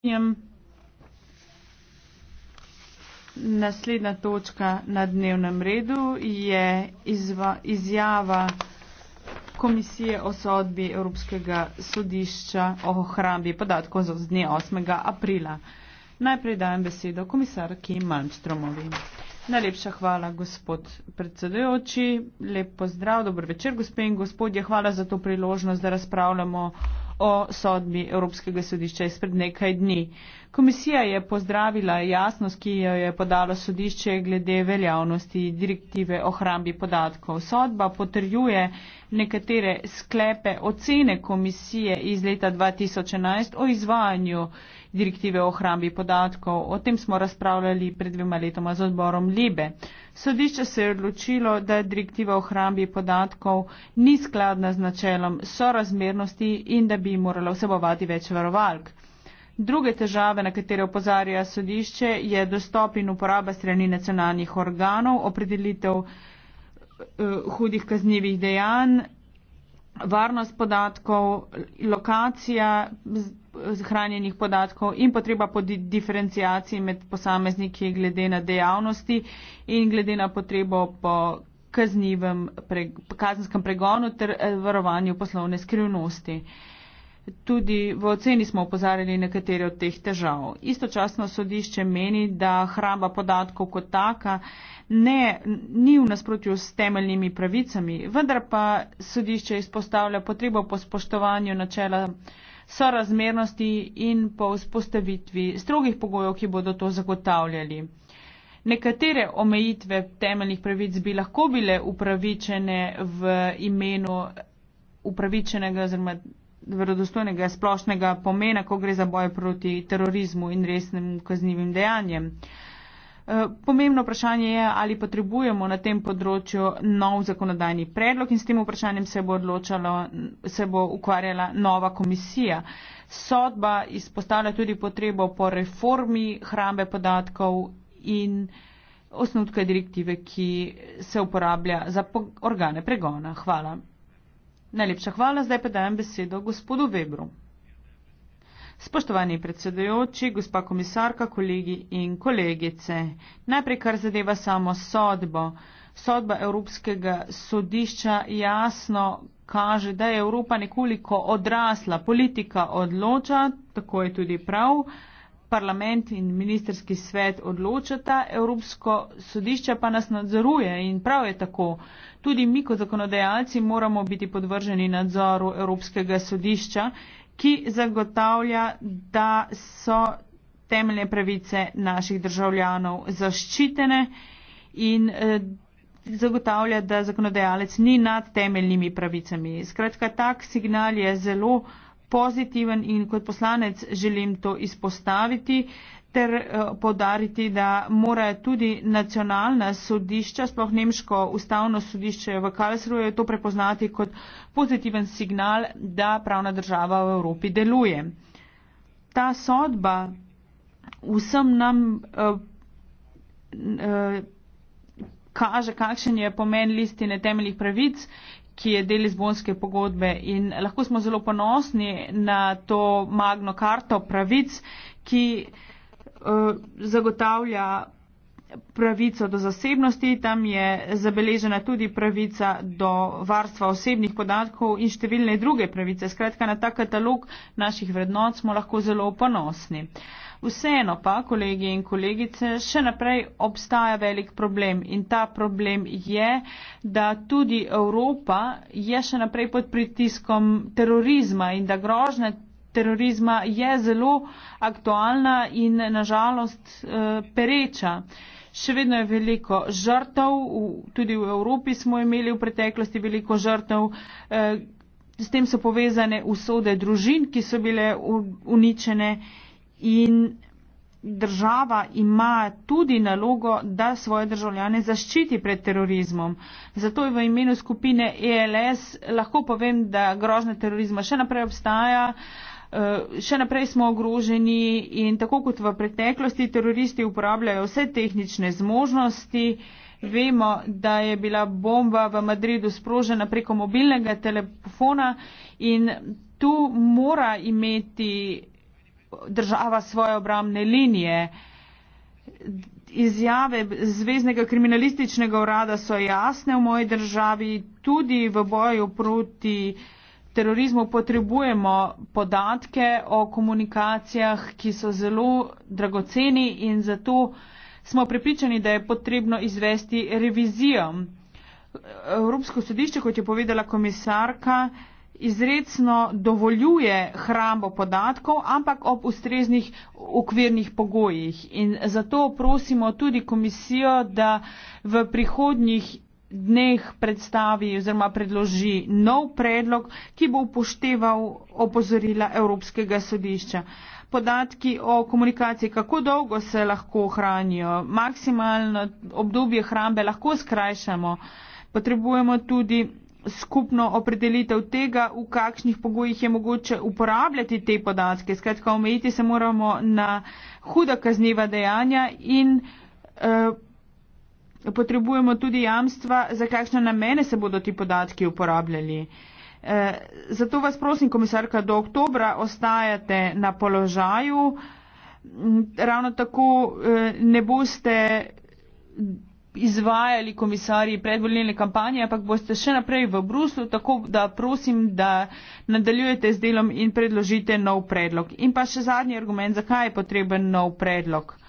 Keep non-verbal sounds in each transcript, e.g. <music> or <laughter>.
prekinjam. Naslednja točka na dnevnem redu je izva, izjava komisije o sodbi Evropskega sodišča o hrambi podatkov z dne 8. aprila. Najprej dajem besedo komisarki Malmstromovi. Najlepša hvala, gospod predsedujoči. Lep pozdrav, dober večer, gospe in gospodje. Hvala za to priložnost, da razpravljamo o sodbi Evropskega sodišča izpred nekaj dni. Komisija je pozdravila jasnost, ki jo je podalo sodišče glede veljavnosti direktive o hrambi podatkov. Sodba potrjuje nekatere sklepe ocene komisije iz leta 2011 o izvajanju direktive o ohrambi podatkov. O tem smo razpravljali pred dvema letoma z odborom Libe. Sodišče se je odločilo, da direktiva o ohrambi podatkov ni skladna z načelom sorazmernosti in da bi morala vsebovati več varovalk. Druge težave, na katere opozarja sodišče, je dostop in uporaba strani nacionalnih organov, opredelitev uh, hudih kaznjivih dejanj, varnost podatkov, lokacija, zhranjenih podatkov in potreba po diferencijaciji med posamezniki glede na dejavnosti in glede na potrebo po kaznivem, pre, kazenskem pregonu ter eh, varovanju poslovne skrivnosti. Tudi v oceni smo opozarjali nekatere od teh težav. Istočasno sodišče meni, da hramba podatkov kot taka ne, ni v nasprotju s temeljnimi pravicami, vendar pa sodišče izpostavlja potrebo po spoštovanju načela sorazmernosti in po vzpostavitvi strogih pogojev, ki bodo to zagotavljali. Nekatere omejitve temeljnih pravic bi lahko bile upravičene v imenu upravičenega oziroma verodostojnega splošnega pomena, ko gre za boj proti terorizmu in resnim kaznjivim dejanjem. Uh, Eh, pomembno vprašanje je, ali potrebujemo na tem področju nov zakonodajni predlog in s tem vprašanjem se bo odločalo, se bo ukvarjala nova komisija. Sodba izpostavlja tudi potrebo po reformi hrambe podatkov in osnutka direktive, ki se uporablja za organe pregona. Hvala. Najlepša hvala. Zdaj pa dajem besedo gospodu Webru. Spoštovani predsedujoči, gospa komisarka, kolegi in kolegice, najprej kar zadeva samo sodbo. Sodba Evropskega sodišča jasno kaže, da je Evropa nekoliko odrasla. Politika odloča, tako je tudi prav, parlament in ministerski svet odločata, Evropsko sodišče pa nas nadzoruje in prav je tako. Tudi mi kot zakonodajalci moramo biti podvrženi nadzoru Evropskega sodišča, ki zagotavlja, da so temeljne pravice naših državljanov zaščitene in eh, zagotavlja, da zakonodajalec ni nad temeljnimi pravicami. Skratka, tak signal je zelo pozitiven in kot poslanec želim to izpostaviti, ter eh, podariti, da mora tudi nacionalna sodišča, sploh nemško ustavno sodišče v Karlsruhe, to prepoznati kot pozitiven signal, da pravna država v Evropi deluje. Ta sodba vsem nam eh, eh, kaže, kakšen je pomen listine temeljih pravic, ki je del izbonske pogodbe in lahko smo zelo ponosni na to magno karto pravic, ki Eh, zagotavlja pravico do zasebnosti, tam je zabeležena tudi pravica do varstva osebnih podatkov in številne druge pravice. Skratka, na ta katalog naših vrednot smo lahko zelo ponosni. Vseeno pa, kolegi in kolegice, še naprej obstaja velik problem in ta problem je, da tudi Evropa je še naprej pod pritiskom terorizma in da grožne terorizma je zelo aktualna in nažalost eh, pereča. Še vedno je veliko žrtev, tudi v Evropi smo imeli v preteklosti veliko žrtev, eh, s tem so povezane usode družin, ki so bile uničene in država ima tudi nalogo, da svoje državljane zaščiti pred terorizmom. Zato je v imenu skupine ELS lahko povem, da grožna terorizma še naprej obstaja. Eh, še naprej smo ogroženi in tako kot v preteklosti teroristi uporabljajo vse tehnične zmožnosti. Vemo, da je bila bomba v Madridu sprožena preko mobilnega telefona in tu mora imeti država svoje obramne linije. Izjave Zvezdnega kriminalističnega urada so jasne v moji državi, tudi v boju proti uh, terorizmu potrebujemo podatke o komunikacijah, ki so zelo dragoceni in zato smo prepričani, da je potrebno izvesti revizijo. Evropsko sodišče, kot je povedala komisarka, izredno dovoljuje hrambo podatkov, ampak ob ustreznih okvirnih pogojih. In zato prosimo tudi komisijo, da v prihodnjih dneh predstavi oziroma predloži nov predlog, ki bo upošteval opozorila Evropskega sodišča. Podatki o komunikaciji, kako dolgo se lahko hranijo, maksimalno obdobje hrambe lahko skrajšamo. Potrebujemo tudi skupno opredelitev tega, v kakšnih pogojih je mogoče uporabljati te podatke. Skratka, omejiti se moramo na huda kazniva dejanja in eh, Potrebujemo tudi jamstva, za kakšne namene se bodo ti podatki uporabljali. Eh, zato vas prosim, komisarka, do oktobra ostajate na položaju. Ravno tako eh, ne boste izvajali komisarji predvoljene kampanje, ampak boste še naprej v Bruslu, tako da prosim, da nadaljujete z delom in predložite nov predlog. In pa še zadnji argument, zakaj je potreben nov predlog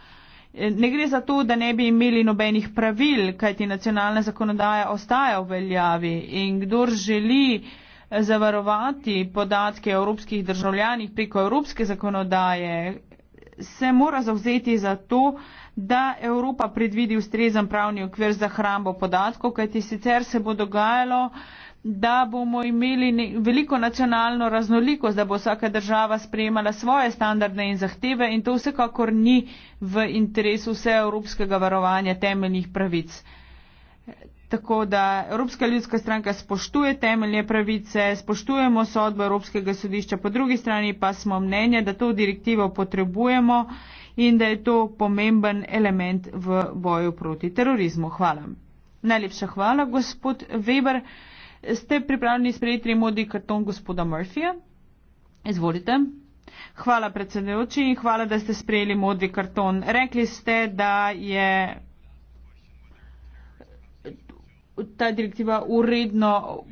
ne gre za to, da ne bi imeli nobenih pravil, kajti nacionalna zakonodaja ostaja v veljavi in kdor želi eh, zavarovati podatke evropskih državljanih preko evropske zakonodaje, se mora zavzeti za to, da Evropa predvidi ustrezen pravni okvir za hrambo podatkov, kajti sicer se bo dogajalo, da bomo imeli ne, veliko nacionalno raznolikost, da bo vsaka država sprejemala svoje standarde in zahteve in to vsekakor ni v interesu vseevropskega varovanja temeljnih pravic. Tako da Evropska ljudska stranka spoštuje temeljne pravice, spoštujemo sodbo Evropskega sodišča, po drugi strani pa smo mnenja, da to direktivo potrebujemo in da je to pomemben element v boju proti terorizmu. Hvala. Najlepša hvala, gospod Weber ste pripravljeni sprejeti modi karton gospoda Murphyja? Izvolite. Hvala predsedujoči in hvala, da ste sprejeli modi karton. Rekli ste, da je ta direktiva uredno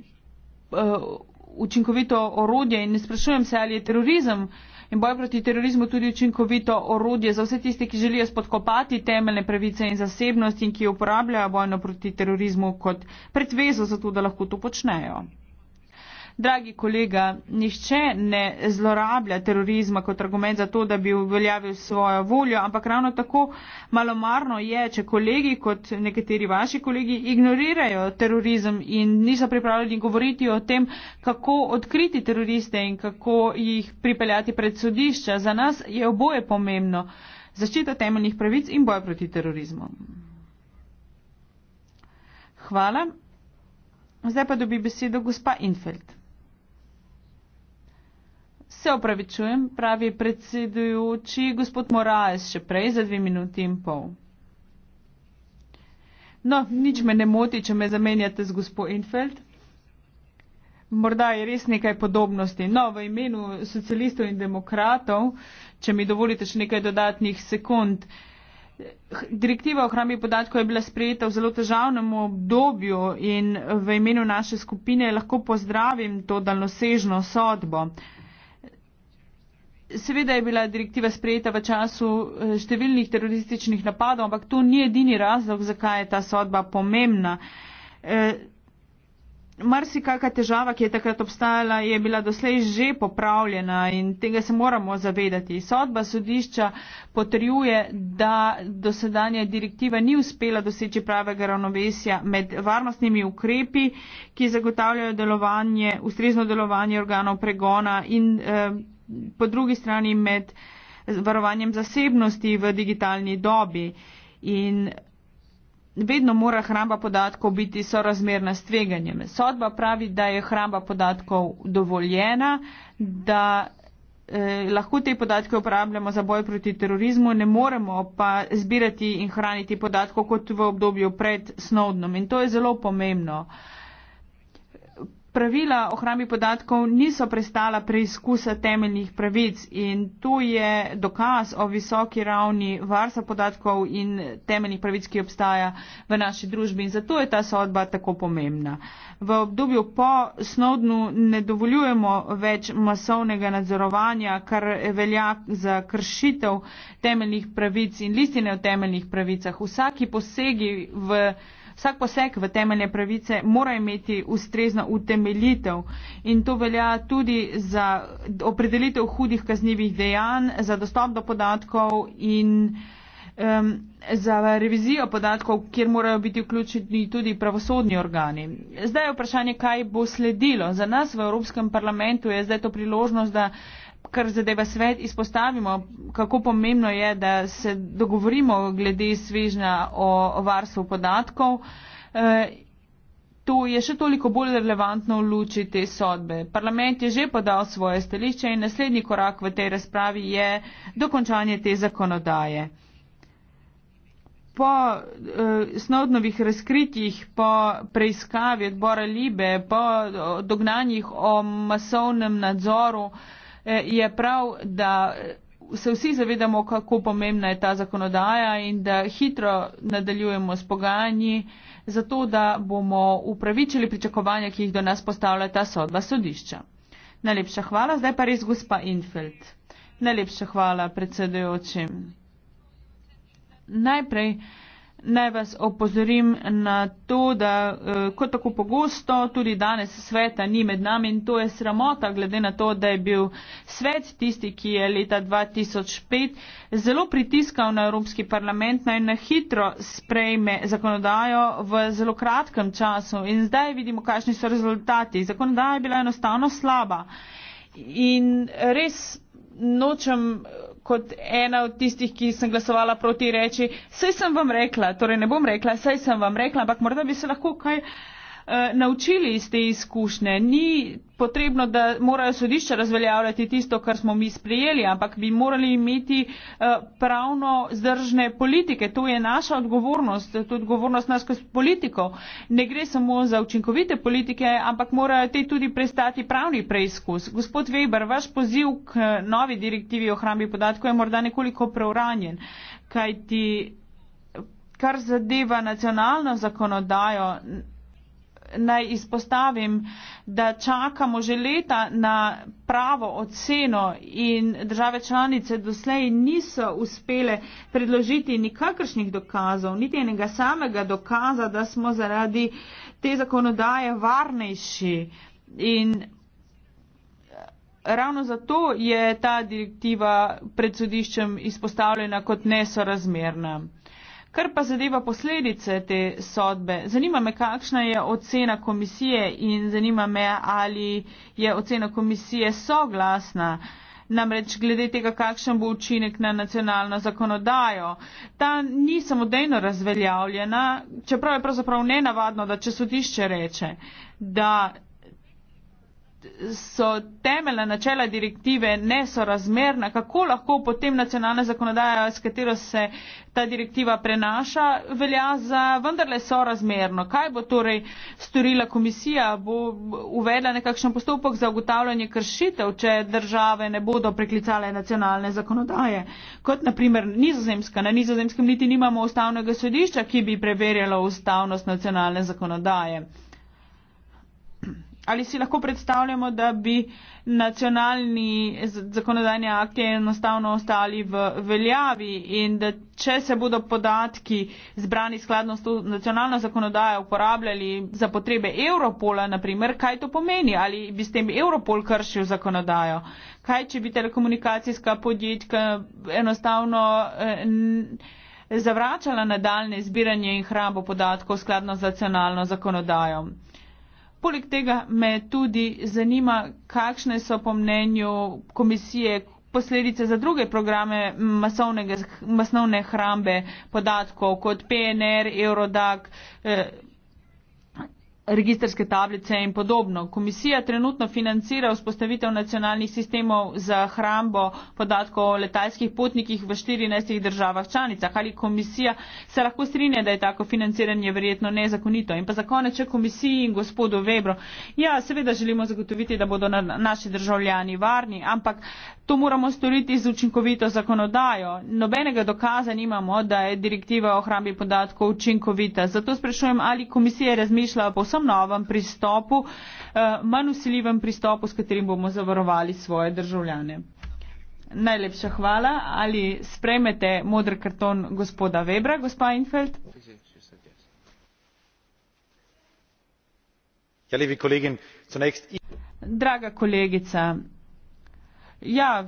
uh, učinkovito orodje in sprašujem se, ali je terorizem uh, in boj proti terorizmu tudi učinkovito orodje za vse tiste, ki želijo spodkopati temeljne pravice in zasebnosti in ki uporabljajo vojno proti terorizmu kot predvezo za to, da lahko to počnejo. Dragi kolega, nišče ne zlorablja terorizma kot argument za to, da bi uveljavil svojo voljo, ampak ravno tako malomarno je, če kolegi kot nekateri vaši kolegi ignorirajo terorizem in niso pripravljeni govoriti o tem, kako odkriti teroriste in kako jih pripeljati pred sodišča. Za nas je oboje pomembno. Zaščita temeljnih pravic in boj proti terorizmu. Hvala. Zdaj pa dobi besedo gospa Infeld. Se opravičujem, pravi predsedujoči gospod Moraes, še prej za dve minuti in pol. No, nič me ne moti, če me zamenjate z gospod Infeld. Morda je res nekaj podobnosti. No, v imenu socialistov in demokratov, če mi dovolite še nekaj dodatnih sekund. Direktiva o hrambi podatkov je bila sprejeta v zelo težavnem obdobju in v imenu naše skupine lahko pozdravim to daljnosežno sodbo. Seveda je bila direktiva sprejeta v času eh, številnih terorističnih napadov, ampak to ni edini razlog, zakaj je ta sodba pomembna. Eh, marsikaka težava, ki je takrat obstajala, je bila doslej že popravljena in tega se moramo zavedati. Sodba sodišča potrjuje, da dosedanja direktiva ni uspela doseči pravega ravnovesja med varnostnimi ukrepi, ki zagotavljajo delovanje, ustrezno delovanje organov pregona in. Eh, po drugi strani med varovanjem zasebnosti v digitalni dobi in vedno mora hramba podatkov biti sorazmerna s tveganjem. Sodba pravi, da je hramba podatkov dovoljena, da eh, lahko te podatke uporabljamo za boj proti terorizmu, ne moremo pa zbirati in hraniti podatkov kot v obdobju pred Snowdenom in to je zelo pomembno. Eh, pravila o hrambi podatkov niso prestala preizkusa temeljnih pravic in to je dokaz o visoki ravni varstva podatkov in temeljnih pravic, ki obstaja v naši družbi in zato je ta sodba tako pomembna. V obdobju po Snowdenu ne dovoljujemo več masovnega nadzorovanja, kar velja za kršitev temeljnih pravic in listine o temeljnih pravicah. Vsaki posegi v Vsak poseg v temeljne pravice mora imeti ustrezno utemeljitev in to velja tudi za opredelitev hudih kaznjivih dejanj, za dostop do podatkov in um, za revizijo podatkov, kjer morajo biti vključeni tudi pravosodni organi. Zdaj je vprašanje, kaj bo sledilo. Za nas v Evropskem parlamentu je zdaj to priložnost, da kar zadeva svet, izpostavimo, kako pomembno je, da se dogovorimo glede svežnja o varstvu podatkov. E, to je še toliko bolj relevantno v luči te sodbe. Parlament je že podal svoje stališče in naslednji korak v tej razpravi je dokončanje te zakonodaje. Po eh, snovnovih razkritjih, po preiskavi odbora Libe, po dognanjih o masovnem nadzoru eh, Eh, je prav, da se vsi zavedamo, kako pomembna je ta zakonodaja in da hitro nadaljujemo s pogajanji, zato da bomo upravičili pričakovanja, ki jih do nas postavlja ta sodba sodišča. Najlepša hvala, zdaj pa res gospa Infeld. Najlepša hvala predsedujočim. Najprej. Naj vas opozorim na to, da eh, kot tako pogosto tudi danes sveta ni med nami in to je sramota, glede na to, da je bil svet tisti, ki je leta 2005 zelo pritiskal na Evropski parlament naj na hitro sprejme zakonodajo v zelo kratkem času in zdaj vidimo, kakšni so rezultati. Zakonodaja je bila enostavno slaba in res nočem kot ena od tistih, ki sem glasovala proti reči, saj sem vam rekla, torej ne bom rekla, saj sem vam rekla, ampak morda bi se lahko kaj. Uh, Eh, naučili iz te izkušnje. Ni potrebno, da morajo sodišča razveljavljati tisto, kar smo mi sprijeli, ampak bi morali imeti eh, pravno zdržne politike. To je naša odgovornost, tudi odgovornost nas kot politiko. Ne gre samo za učinkovite politike, ampak morajo te tudi prestati pravni preizkus. Gospod Weber, vaš poziv k eh, novi direktivi o hrambi podatkov je morda nekoliko preuranjen, kajti kar zadeva nacionalno zakonodajo, naj izpostavim, da čakamo že leta na pravo oceno in države članice doslej niso uspele predložiti nikakršnih dokazov, niti enega samega dokaza, da smo zaradi te zakonodaje varnejši. In eh, ravno zato je ta direktiva pred sodiščem izpostavljena kot nesorazmerna. Kar pa zadeva posledice te sodbe, zanima me, kakšna je ocena komisije in zanima me, ali je ocena komisije soglasna. Namreč glede tega, kakšen bo učinek na nacionalno zakonodajo, ta ni samodejno razveljavljena, čeprav je pravzaprav nenavadno, da če sodišče reče, da so temeljna načela direktive nesorazmerna, kako lahko potem nacionalna zakonodaja, s katero se ta direktiva prenaša, velja za vendarle sorazmerno. Kaj bo torej storila komisija? Bo uvedla nekakšen postopek za ugotavljanje kršitev, če države ne bodo preklicale nacionalne zakonodaje? Kot naprimer nizozemska. Na nizozemskem niti nimamo ustavnega sodišča, ki bi preverjalo ustavnost nacionalne zakonodaje ali si lahko predstavljamo, da bi nacionalni zakonodajni akti enostavno ostali v veljavi in da če se bodo podatki zbrani skladno s to nacionalno zakonodajo uporabljali za potrebe Europola, naprimer, kaj to pomeni? Ali bi s tem Europol kršil zakonodajo? Kaj, če bi telekomunikacijska podjetka enostavno eh, zavračala nadaljne zbiranje in hrabo podatkov skladno z nacionalno zakonodajo? Poleg tega me tudi zanima, kakšne so po mnenju komisije posledice za druge programe masovne hrambe podatkov kot PNR, Eurodac. Eh, registerske tablice in podobno. Komisija trenutno financira vzpostavitev nacionalnih sistemov za hrambo podatkov o letalskih potnikih v 14 državah članicah. Ali komisija se lahko strinja, da je tako financiranje verjetno nezakonito? In pa za konec, če komisiji in gospodu Vebro, ja, seveda želimo zagotoviti, da bodo na naši državljani varni, ampak to moramo storiti z učinkovito zakonodajo. Nobenega dokaza nimamo, da je direktiva o hrambi podatkov učinkovita. Zato sprašujem, ali komisija razmišlja o povsem novem pristopu, eh, manj usiljivem pristopu, s katerim bomo zavarovali svoje državljane. Najlepša hvala. Ali sprejmete modr karton gospoda Webra, gospa Infeld? Ja, Draga kolegica, Ja,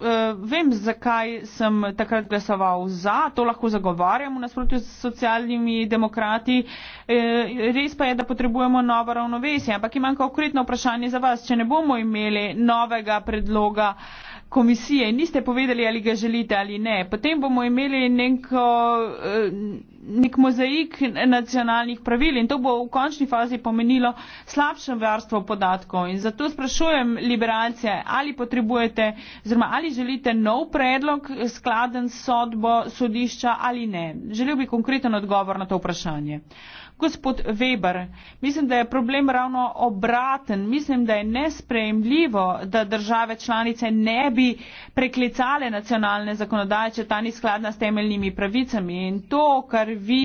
eh, vem, zakaj sem takrat glasoval za, to lahko zagovarjam v nasprotju s socialnimi demokrati. Eh, res pa je, da potrebujemo novo ravnovesje, ampak imam konkretno vprašanje za vas, če ne bomo imeli novega predloga komisije in niste povedali, ali ga želite ali ne. Potem bomo imeli neko, eh, nek mozaik nacionalnih pravil in to bo v končni fazi pomenilo slabše varstvo podatkov. In zato sprašujem liberalce, ali potrebujete, oziroma ali želite nov predlog skladen sodbo sodišča ali ne. Želel bi konkreten odgovor na to vprašanje. Uh, Gospod Weber, mislim, da je problem ravno obraten. Mislim, da je nesprejemljivo, da države članice ne bi preklicale nacionalne zakonodaje, če ta ni skladna s temeljnimi pravicami. In to, kar vi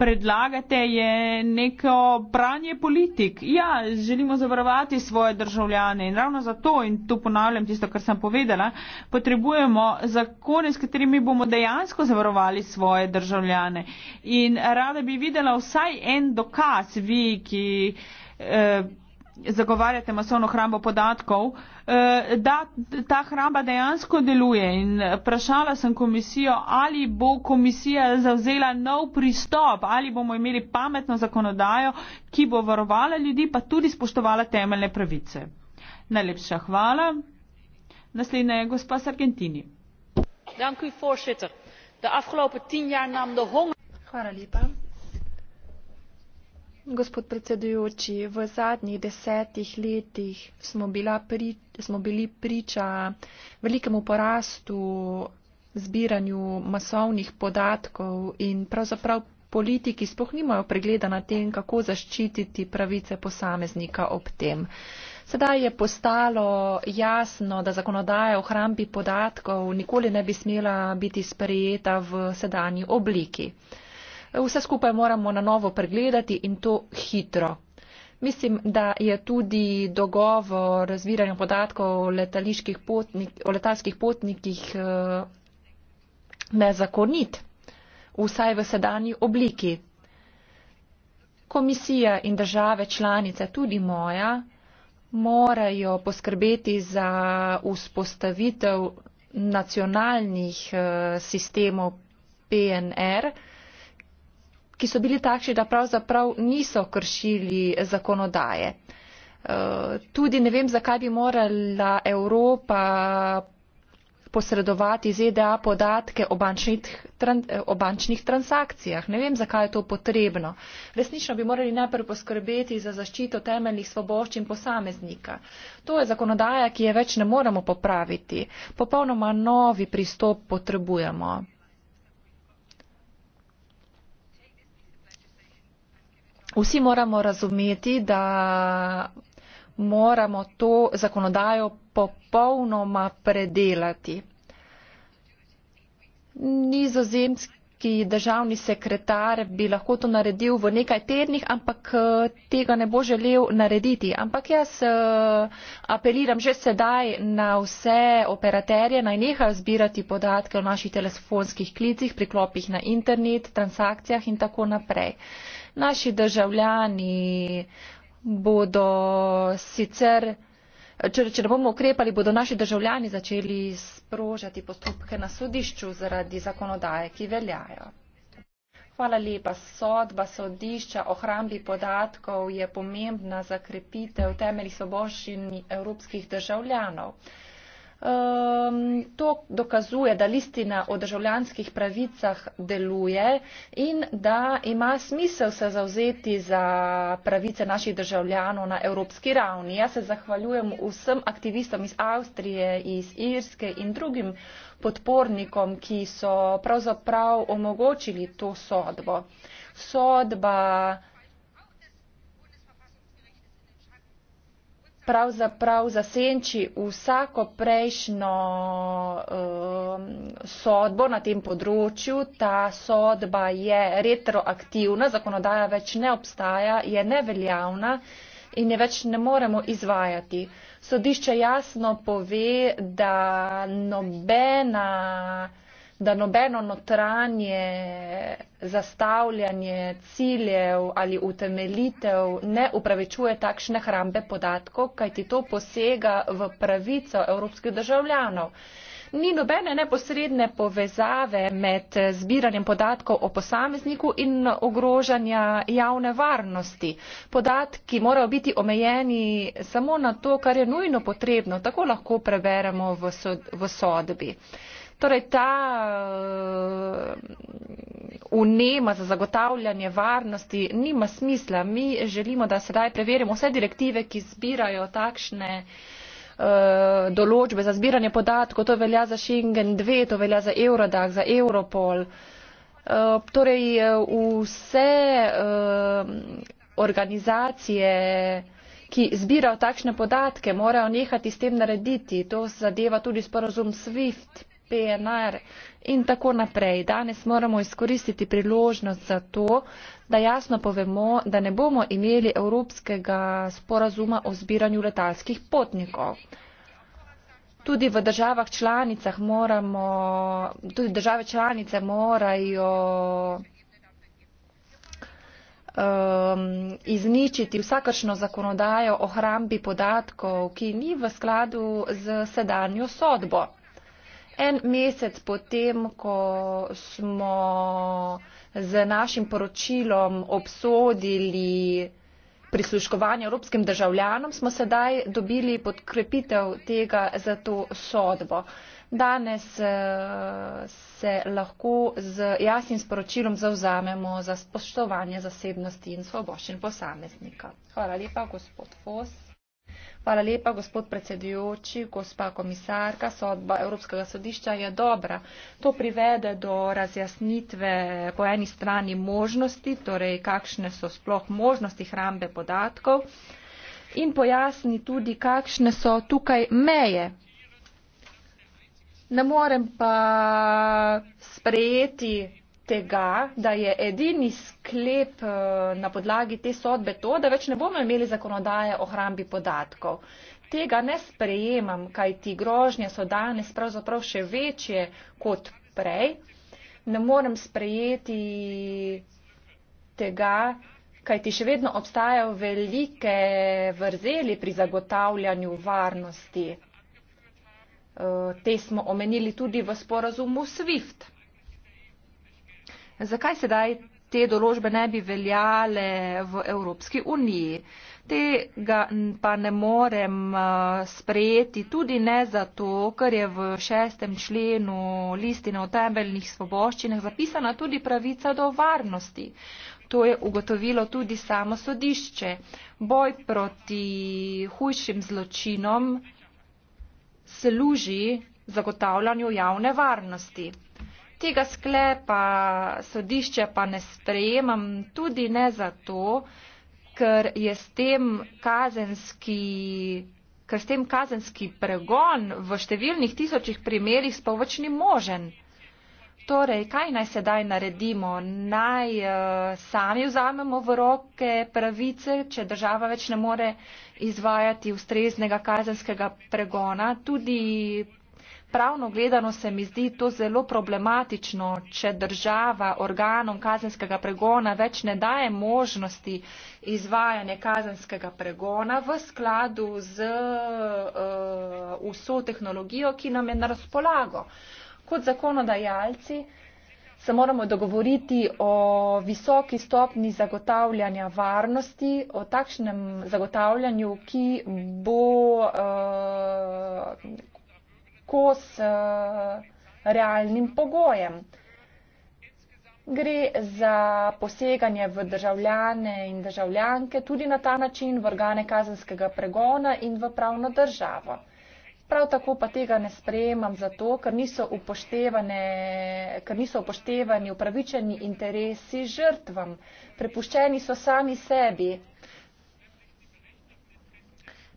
predlagate, je neko branje politik. Ja, želimo zavarovati svoje državljane in ravno zato, in tu ponavljam tisto, kar sem povedala, potrebujemo zakone, s katerimi bomo dejansko zavarovali svoje državljane. In rada bi videla vsaj en dokaz, vi, ki. Eh, zagovarjate masovno hrambo podatkov, eh, da ta hramba dejansko deluje. In vprašala sem komisijo, ali bo komisija zavzela nov pristop, ali bomo imeli pametno zakonodajo, ki bo varovala ljudi, pa tudi spoštovala temeljne pravice. Najlepša hvala. Naslednja je gospa Sargentini. Hvala lepa. Gospod predsedujoči, v zadnjih desetih letih smo, pri, smo bili priča velikemu porastu zbiranju masovnih podatkov in pravzaprav politiki spoh nimajo pregleda na tem, kako zaščititi pravice posameznika ob tem. Sedaj je postalo jasno, da zakonodaja o hrambi podatkov nikoli ne bi smela biti sprejeta v sedanji obliki vse skupaj moramo na novo pregledati in to hitro. Mislim, da je tudi dogovor razviranja podatkov o, potnik, o letalskih potnikih eh, nezakonit, vsaj v sedanji obliki. Komisija in države članice, tudi moja, morajo poskrbeti za vzpostavitev nacionalnih eh, sistemov PNR, ki so bili takšni, da pravzaprav niso kršili zakonodaje. Eh, tudi ne vem, zakaj bi morala Evropa posredovati ZDA podatke o bančnih, o bančnih transakcijah. Ne vem, zakaj je to potrebno. Resnično bi morali najprej poskrbeti za zaščito temeljnih svoboščin posameznika. To je zakonodaja, ki je več ne moremo popraviti. Popolnoma novi pristop potrebujemo. vsi moramo razumeti, da moramo to zakonodajo popolnoma predelati. Nizozemski državni sekretar bi lahko to naredil v nekaj tednih, ampak tega ne bo želel narediti. Ampak jaz apeliram že sedaj na vse operaterje, naj nehajo zbirati podatke o naših telefonskih klicih, priklopih na internet, transakcijah in tako naprej naši državljani bodo sicer, če, če ne bomo ukrepali, bodo naši državljani začeli sprožati postopke na sodišču zaradi zakonodaje, ki veljajo. Hvala lepa. Sodba sodišča o hrambi podatkov je pomembna za krepitev temeljih svoboščin evropskih državljanov. Um, to dokazuje, da listina o državljanskih pravicah deluje in da ima smisel se zauzeti za pravice naših državljanov na evropski ravni. Jaz se zahvaljujem vsem aktivistom iz Avstrije, iz Irske in drugim podpornikom, ki so pravzaprav omogočili to sodbo. Sodba pravzaprav zasenči vsako prejšnjo um, sodbo na tem področju. Ta sodba je retroaktivna, zakonodaja več ne obstaja, je neveljavna in je več ne moremo izvajati. Sodišče jasno pove, da nobena da nobeno notranje zastavljanje ciljev ali utemelitev ne upravičuje takšne hrambe podatkov, kajti to posega v pravico evropskih državljanov. Ni nobene neposredne povezave med zbiranjem podatkov o posamezniku in ogrožanja javne varnosti. Podatki morajo biti omejeni samo na to, kar je nujno potrebno, tako lahko preberemo v sodbi. Torej, ta uh, eh, unema za zagotavljanje varnosti nima smisla. Mi želimo, da sedaj preverimo vse direktive, ki zbirajo takšne eh, določbe za zbiranje podatkov, to velja za Schengen 2, to velja za Eurodag, za Europol. Eh, torej vse organizacije, ki zbirajo takšne podatke, morajo nehati s tem narediti. To zadeva tudi sporozum SWIFT, PNR in tako naprej. Danes moramo izkoristiti priložnost za to, da jasno povemo, da ne bomo imeli evropskega sporazuma o zbiranju letalskih potnikov. Tudi v državah članicah moramo, tudi države članice morajo um, izničiti vsakršno zakonodajo o hrambi podatkov, ki ni v skladu z sedanjo sodbo en mesec potem, ko smo z našim poročilom obsodili prisluškovanje evropskim državljanom, smo sedaj dobili podkrepitev tega za to sodbo. Danes eh, se lahko z jasnim sporočilom zauzamemo za spoštovanje zasebnosti in svoboščin posameznika. Hvala lepa, gospod Fos. Hvala lepa, gospod predsedujoči, gospa komisarka. Sodba Evropskega sodišča je dobra. To privede do razjasnitve po eni strani možnosti, torej kakšne so sploh možnosti hrambe podatkov in pojasni tudi, kakšne so tukaj meje. Ne morem pa sprejeti tega, da je edini sklep eh, na podlagi te sodbe to, da več ne bomo imeli zakonodaje o hrambi podatkov. Tega ne sprejemam, kaj ti grožnje so danes pravzaprav še večje kot prej. Ne morem sprejeti tega, kaj ti še vedno obstajajo velike vrzeli pri zagotavljanju varnosti. Eh, te smo omenili tudi v sporazumu SWIFT. Zakaj sedaj te določbe ne bi veljale v Evropski uniji? Tega pa ne morem eh, sprejeti tudi ne zato, ker je v šestem členu listine o temeljnih svoboščinah zapisana tudi pravica do varnosti. To je ugotovilo tudi samo sodišče. Boj proti hujšim zločinom služi zagotavljanju javne varnosti tega sklepa sodišče pa ne sprejemam tudi ne zato, ker je s tem kazenski ker s tem kazenski pregon v številnih tisočih primerjih spovoč ni možen. Torej, kaj naj sedaj naredimo? Naj uh, sami vzamemo v roke pravice, če država več ne more izvajati ustreznega kazenskega pregona, tudi Pravno gledano se mi zdi to zelo problematično, če država organom kazenskega pregona več ne daje možnosti izvajanja kazenskega pregona v skladu z uh, vso tehnologijo, ki nam je na razpolago. Kot zakonodajalci se moramo dogovoriti o visoki stopni zagotavljanja varnosti, o takšnem zagotavljanju, ki bo. Uh, kos eh, realnim pogojem. Gre za poseganje v državljane in državljanke tudi na ta način v organe kazenskega pregona in v pravno državo. Prav tako pa tega ne sprejemam zato, ker niso, ker niso upoštevani upravičeni interesi žrtvam. Prepuščeni so sami sebi.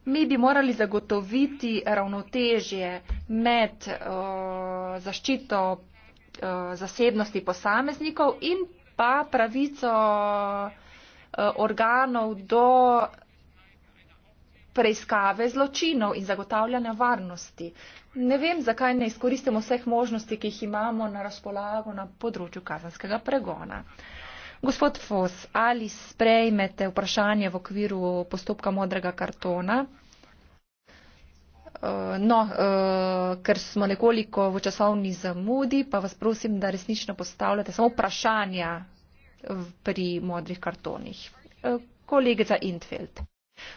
Mi bi morali zagotoviti ravnotežje med uh, zaščito uh, zasebnosti posameznikov in pa pravico uh, organov do preiskave zločinov in zagotavljanja varnosti. Ne vem, zakaj ne izkoristimo vseh možnosti, ki jih imamo na razpolago na področju kazanskega pregona. Uh, Gospod Fos, ali sprejmete vprašanje v okviru postopka modrega kartona? Eh, no, eh, ker smo nekoliko v časovni zamudi, pa vas prosim, da resnično postavljate samo vprašanja pri modrih kartonih. Eh, kolegica Intfeld.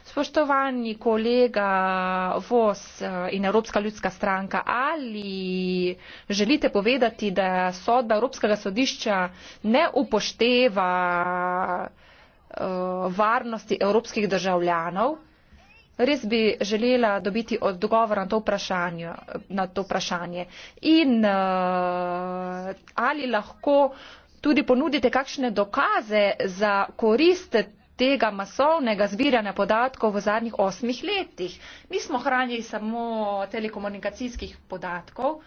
Spoštovani kolega Vos eh, in Evropska ljudska stranka, ali želite povedati, da sodba Evropskega sodišča ne upošteva uh, varnosti evropskih državljanov? Res bi želela dobiti odgovor na to vprašanje. Na to vprašanje. In uh, ali lahko tudi ponudite kakšne dokaze za korist tega masovnega zbiranja podatkov v zadnjih osmih letih. Nismo hranili samo telekomunikacijskih podatkov,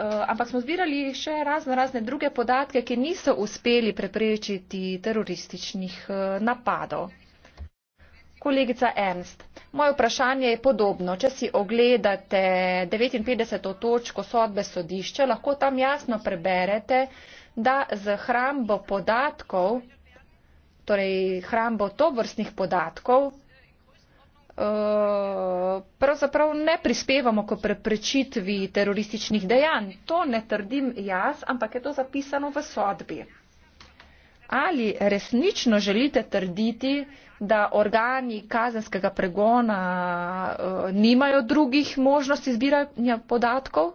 eh, ampak smo zbirali še razno razne druge podatke, ki niso uspeli preprečiti terorističnih eh, napadov. Kolegica Ernst, moje vprašanje je podobno. Če si ogledate 59. točko sodbe sodišča, lahko tam jasno preberete, da z hrambo podatkov torej hrambo to vrstnih podatkov, eh, pravzaprav ne prispevamo k preprečitvi terorističnih dejanj. To ne trdim jaz, ampak je to zapisano v sodbi. Ali resnično želite trditi, da organi kazenskega pregona eh, nimajo drugih možnosti zbiranja podatkov?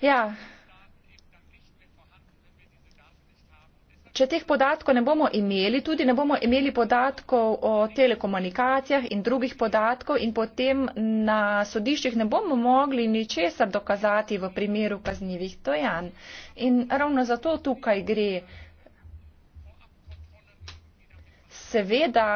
Ja, če teh podatkov ne bomo imeli, tudi ne bomo imeli podatkov o telekomunikacijah in drugih podatkov in potem na sodiščih ne bomo mogli ničesar dokazati v primeru kaznjivih dojanj. In ravno zato tukaj gre. Seveda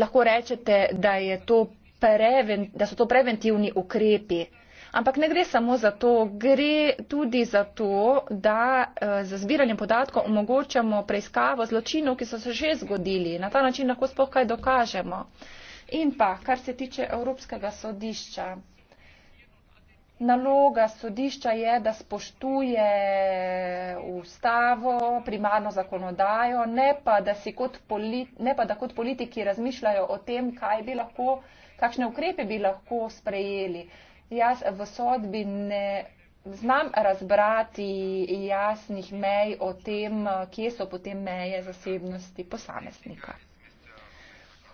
lahko rečete, da, je to preven, da so to preventivni ukrepi. Ampak ne gre samo za to, gre tudi za to, da eh, z zbiranjem podatkov omogočamo preiskavo zločinov, ki so se že zgodili. Na ta način lahko sploh kaj dokažemo. In pa, kar se tiče Evropskega sodišča. Naloga sodišča je, da spoštuje ustavo, primarno zakonodajo, ne pa, da, kot politi, ne pa, da kot politiki razmišljajo o tem, kaj bi lahko, kakšne ukrepe bi lahko sprejeli jaz v sodbi ne znam razbrati jasnih mej o tem, kje so potem meje zasebnosti posameznika.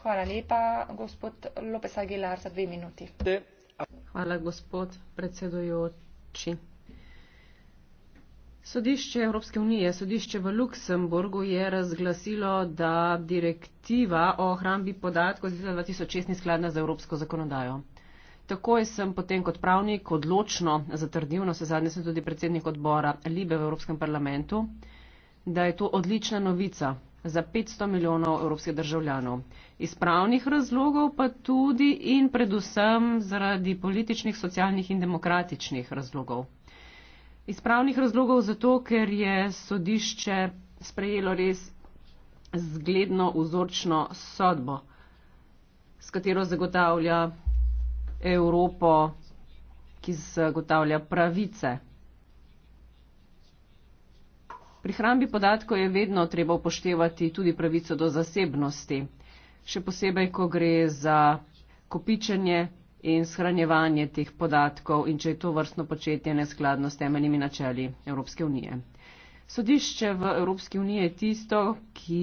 Hvala lepa, gospod Lopes Aguilar, za dve minuti. Hvala, gospod predsedujoči. Sodišče Evropske unije, sodišče v Luksemburgu je razglasilo, da direktiva o ohrambi podatkov iz 2016 skladna z evropsko zakonodajo. Takoj sem potem kot pravnik odločno zatrdil, na vse zadnje sem tudi predsednik odbora Libe v Evropskem parlamentu, da je to odlična novica za 500 milijonov evropskih državljanov. Iz pravnih razlogov pa tudi in predvsem zaradi političnih, socialnih in demokratičnih razlogov. Iz pravnih razlogov zato, ker je sodišče sprejelo res zgledno vzorčno sodbo, s katero zagotavlja Evropo, ki zagotavlja pravice. Pri hrambi podatkov je vedno treba upoštevati tudi pravico do zasebnosti, še posebej, ko gre za kopičenje in shranjevanje teh podatkov in če je to vrstno početje neskladno s temeljnimi načeli Evropske unije. Sodišče v Evropski uniji je tisto, ki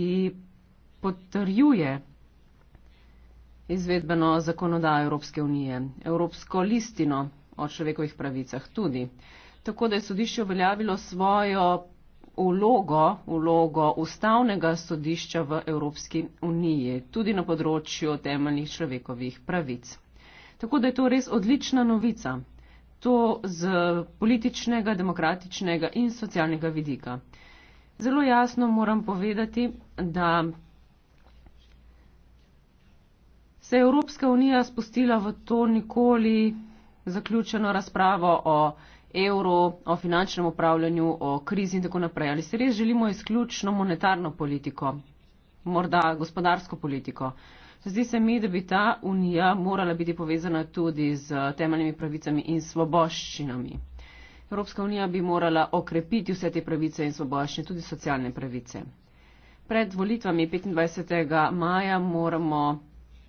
potrjuje izvedbeno zakonodajo Evropske unije, Evropsko listino o človekovih pravicah tudi. Tako da je sodišče uveljavilo svojo ulogo, ulogo ustavnega sodišča v Evropski uniji, tudi na področju temeljnih človekovih pravic. Tako da je to res odlična novica, to z političnega, demokratičnega in socialnega vidika. Zelo jasno moram povedati, da se je Evropska unija spustila v to nikoli zaključeno razpravo o evro, o finančnem upravljanju, o krizi in tako naprej. Ali se res želimo izključno monetarno politiko, morda gospodarsko politiko? Zdi se mi, da bi ta unija morala biti povezana tudi z temeljnimi pravicami in svoboščinami. Evropska unija bi morala okrepiti vse te pravice in svoboščine, tudi socialne pravice. Pred volitvami 25. maja moramo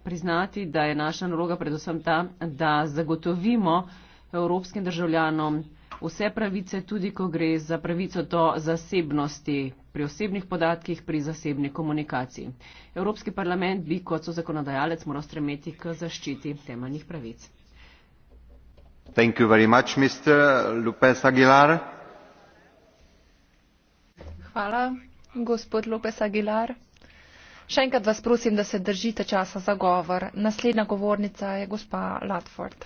priznati, da je naša naloga predvsem ta, da zagotovimo evropskim državljanom vse pravice, tudi ko gre za pravico do zasebnosti pri osebnih podatkih, pri zasebni komunikaciji. Evropski parlament bi kot so zakonodajalec moral stremeti k zaščiti temeljnih pravic. Thank you very much, Mr. Lopez Aguilar. Hvala, gospod Lopes Aguilar še enkrat vas prosim da se držite časa za govor naslednja govornica je gospa ludford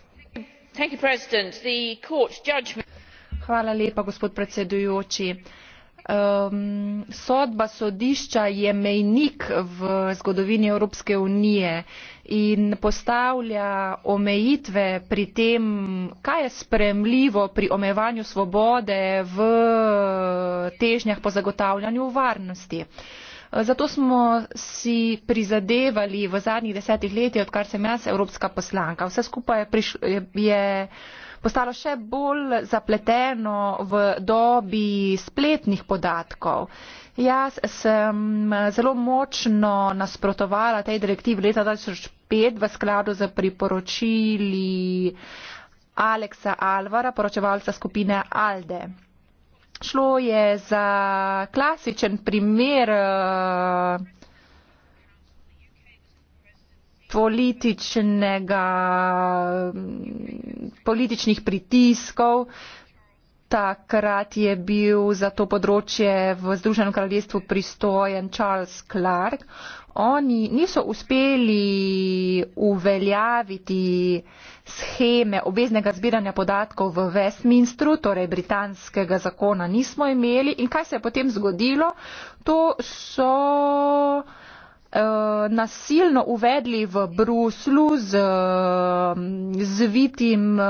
hvala lepa gospod predsedujoči sodba sodišča je mejnik v zgodovini evropske unije in postavlja omejitve pri tem kaj je sprejemljivo pri omejevanju svobode v težnjah po zagotavljanju varnosti. Zato smo si prizadevali v zadnjih desetih letih, odkar sem jaz evropska poslanka. Vse skupaj je, prišlo, je, je postalo še bolj zapleteno v dobi spletnih podatkov. Jaz sem zelo močno nasprotovala tej direktivi leta 2005 v skladu z priporočili Aleksa Alvara, poročevalca skupine Alde šlo je za klasičen primer eh, političnega, mm, političnih pritiskov. Takrat je bil za to področje v Združenem kraljestvu pristojen Charles Clark oni niso uspeli uveljaviti scheme obveznega zbiranja podatkov v Westminstru, torej britanskega zakona nismo imeli. In kaj se je potem zgodilo? To so eh, nasilno uvedli v Bruslu z mm, zvitim eh,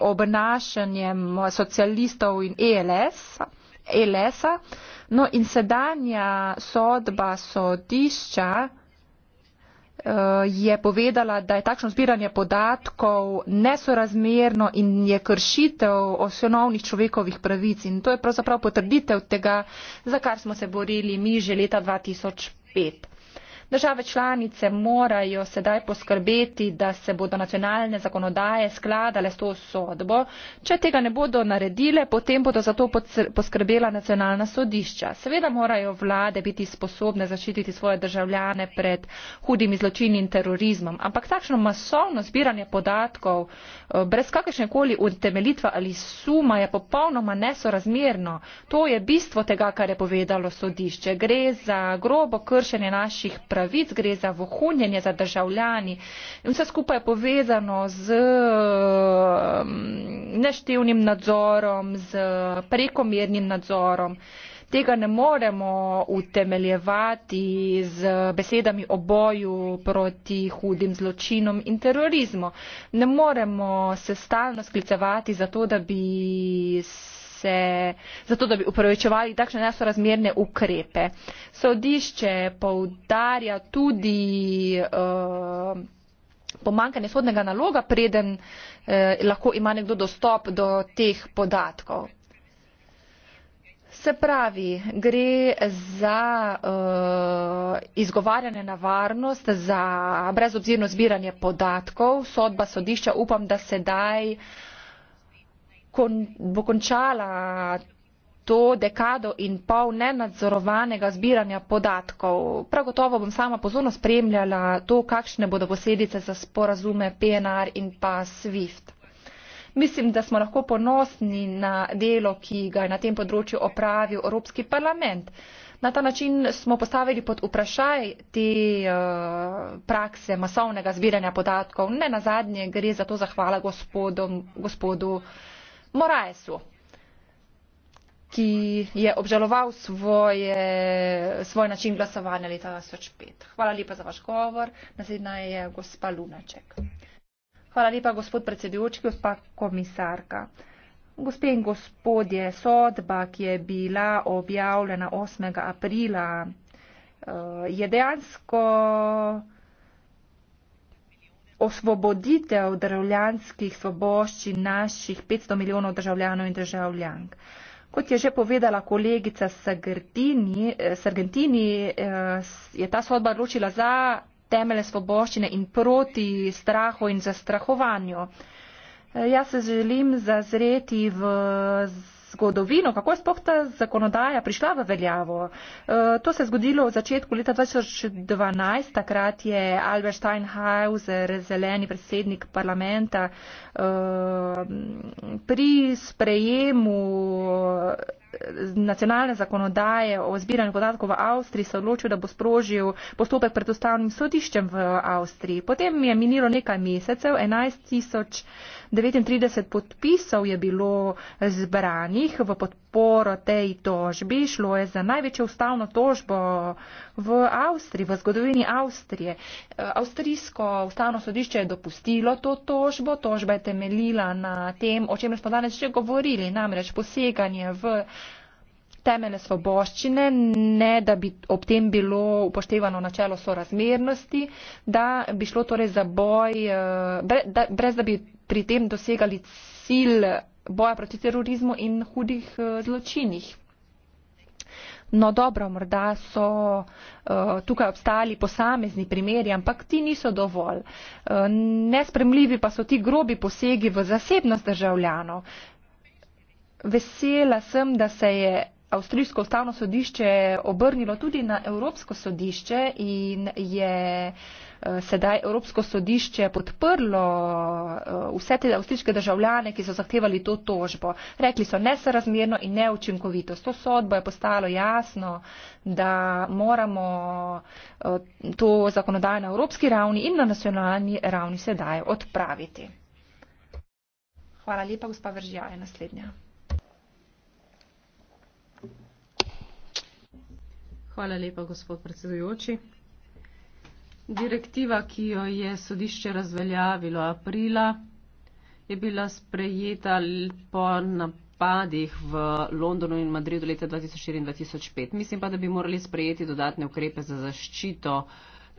obnašanjem socialistov in ELS-a. ELS No in sedanja sodba sodišča eh, je povedala, da je takšno zbiranje podatkov nesorazmerno in je kršitev osnovnih človekovih pravic. In to je pravzaprav potrditev tega, za kar smo se borili mi že leta 2005. Države članice morajo sedaj poskrbeti, da se bodo nacionalne zakonodaje skladale s to sodbo. Če tega ne bodo naredile, potem bodo za to poskrbela nacionalna sodišča. Seveda morajo vlade biti sposobne zaščititi svoje državljane pred hudimi zločini in terorizmom, ampak takšno masovno zbiranje podatkov eh, brez kakršne koli utemelitve ali suma je popolnoma nesorazmerno. To je bistvo tega, kar je povedalo sodišče. Gre za grobo kršenje naših prav pravic, gre za vohunjenje, za državljani in vse skupaj je povezano z mm, neštevnim nadzorom, z prekomernim nadzorom. Tega ne moremo utemeljevati z besedami o boju proti hudim zločinom in terorizmu. Ne moremo se stalno sklicevati za to, da bi se zato da bi upravičevali takšne nesorazmerne ukrepe. Sodišče poudarja tudi uh, pomankanje sodnega naloga, preden eh, lahko ima nekdo dostop do teh podatkov. Se pravi, gre za eh, izgovarjanje na varnost, za brezobzirno zbiranje podatkov. Sodba sodišča upam, da sedaj eh, kon, bo končala to dekado in pol nenadzorovanega zbiranja podatkov. Prav gotovo bom sama pozorno spremljala to, kakšne bodo posledice za sporazume PNR in pa SWIFT. Mislim, da smo lahko ponosni na delo, ki ga je na tem področju opravil Evropski parlament. Na ta način smo postavili pod vprašaj te uh, prakse masovnega zbiranja podatkov. Ne na zadnje gre za to zahvala gospodom, gospodu. Moraesu, ki je obžaloval svoje, svoj način glasovanja leta 2005. Hvala lepa za vaš govor. Naslednja je gospa Lunaček. Hvala lepa, gospod predsedujoči, gospa komisarka. Gospe in gospodje, sodba, ki je bila objavljena 8. aprila, eh, je dejansko osvoboditev državljanskih svoboščin naših 500 milijonov državljanov in državljank. Kot je že povedala kolegica Sargentini, eh, Sargentini eh, je ta sodba odločila za temele svoboščine in proti strahu in zastrahovanju. Eh, jaz se želim zazreti v zgodovino, kako je spoh ta zakonodaja prišla v veljavo. E, to se je zgodilo v začetku leta 2012, takrat je Albert Steinhauser, zeleni predsednik parlamenta, e, pri sprejemu e, nacionalne zakonodaje o zbiranju podatkov v Avstriji se odločil, da bo sprožil postopek pred ustavnim sodiščem v Avstriji. Potem je minilo nekaj mesecev, 11 tisoč 39 podpisov je bilo zbranih v podporo tej tožbi. Šlo je za največjo ustavno tožbo v Avstriji, v zgodovini Avstrije. Avstrijsko ustavno sodišče je dopustilo to tožbo. Tožba je temeljila na tem, o čem smo danes že govorili, namreč poseganje v temene svoboščine, ne da bi ob tem bilo upoštevano načelo sorazmernosti, da bi šlo torej za boj, eh, brez da bi pri tem dosegali cilj boja proti terorizmu in hudih eh, zločinih. No dobro, morda so uh, tukaj obstali posamezni primeri, ampak ti niso dovolj. Uh, nespremljivi pa so ti grobi posegi v zasebnost državljanov. Vesela sem, da se je Avstrijsko ustavno sodišče je obrnilo tudi na Evropsko sodišče in je eh, sedaj Evropsko sodišče podprlo eh, vse te avstrijske državljane, ki so zahtevali to tožbo. Rekli so nesrazmerno in neučinkovito. S to sodbo je postalo jasno, da moramo eh, to zakonodajo na evropski ravni in na nacionalni ravni sedaj odpraviti. Hvala lepa, gospa Vržija je naslednja. Hvala lepa, gospod predsedujoči. Direktiva, ki jo je sodišče razveljavilo aprila, je bila sprejeta po napadih v Londonu in Madridu leta 2004 in 2005. Mislim pa, da bi morali sprejeti dodatne ukrepe za zaščito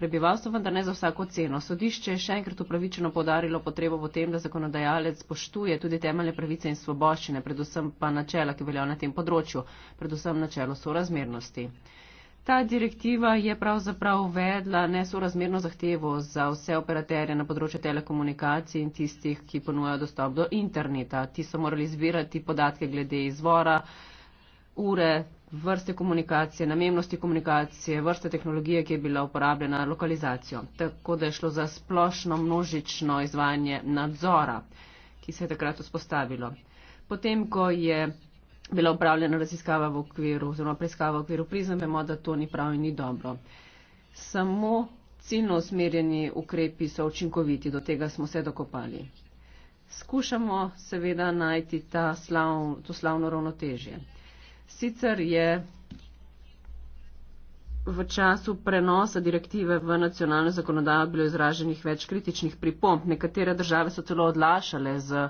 prebivalstva, vendar ne za vsako ceno. Sodišče je še enkrat upravičeno podarilo potrebo v tem, da zakonodajalec poštuje tudi temeljne pravice in svoboščine, predvsem pa načela, ki veljajo na tem področju, predvsem načelo sorazmernosti. Ta direktiva je pravzaprav uvedla nesorazmerno zahtevo za vse operaterje na področju telekomunikacij in tistih, ki ponujajo dostop do interneta. Ti so morali zbirati podatke glede izvora, ure, vrste komunikacije, namennosti komunikacije, vrste tehnologije, ki je bila uporabljena, lokalizacijo. Tako da je šlo za splošno množično izvajanje nadzora, ki se je takrat vzpostavilo. Potem, ko je bila upravljena raziskava v okviru, oziroma preiskava v okviru prizem, vemo, da to ni prav in ni dobro. Samo ciljno usmerjeni ukrepi so učinkoviti, do tega smo se dokopali. Skušamo seveda najti slav, to slavno ravnotežje. Sicer je v času prenosa direktive v nacionalno zakonodajo bilo izraženih več kritičnih pripomp. Nekatere države so celo odlašale z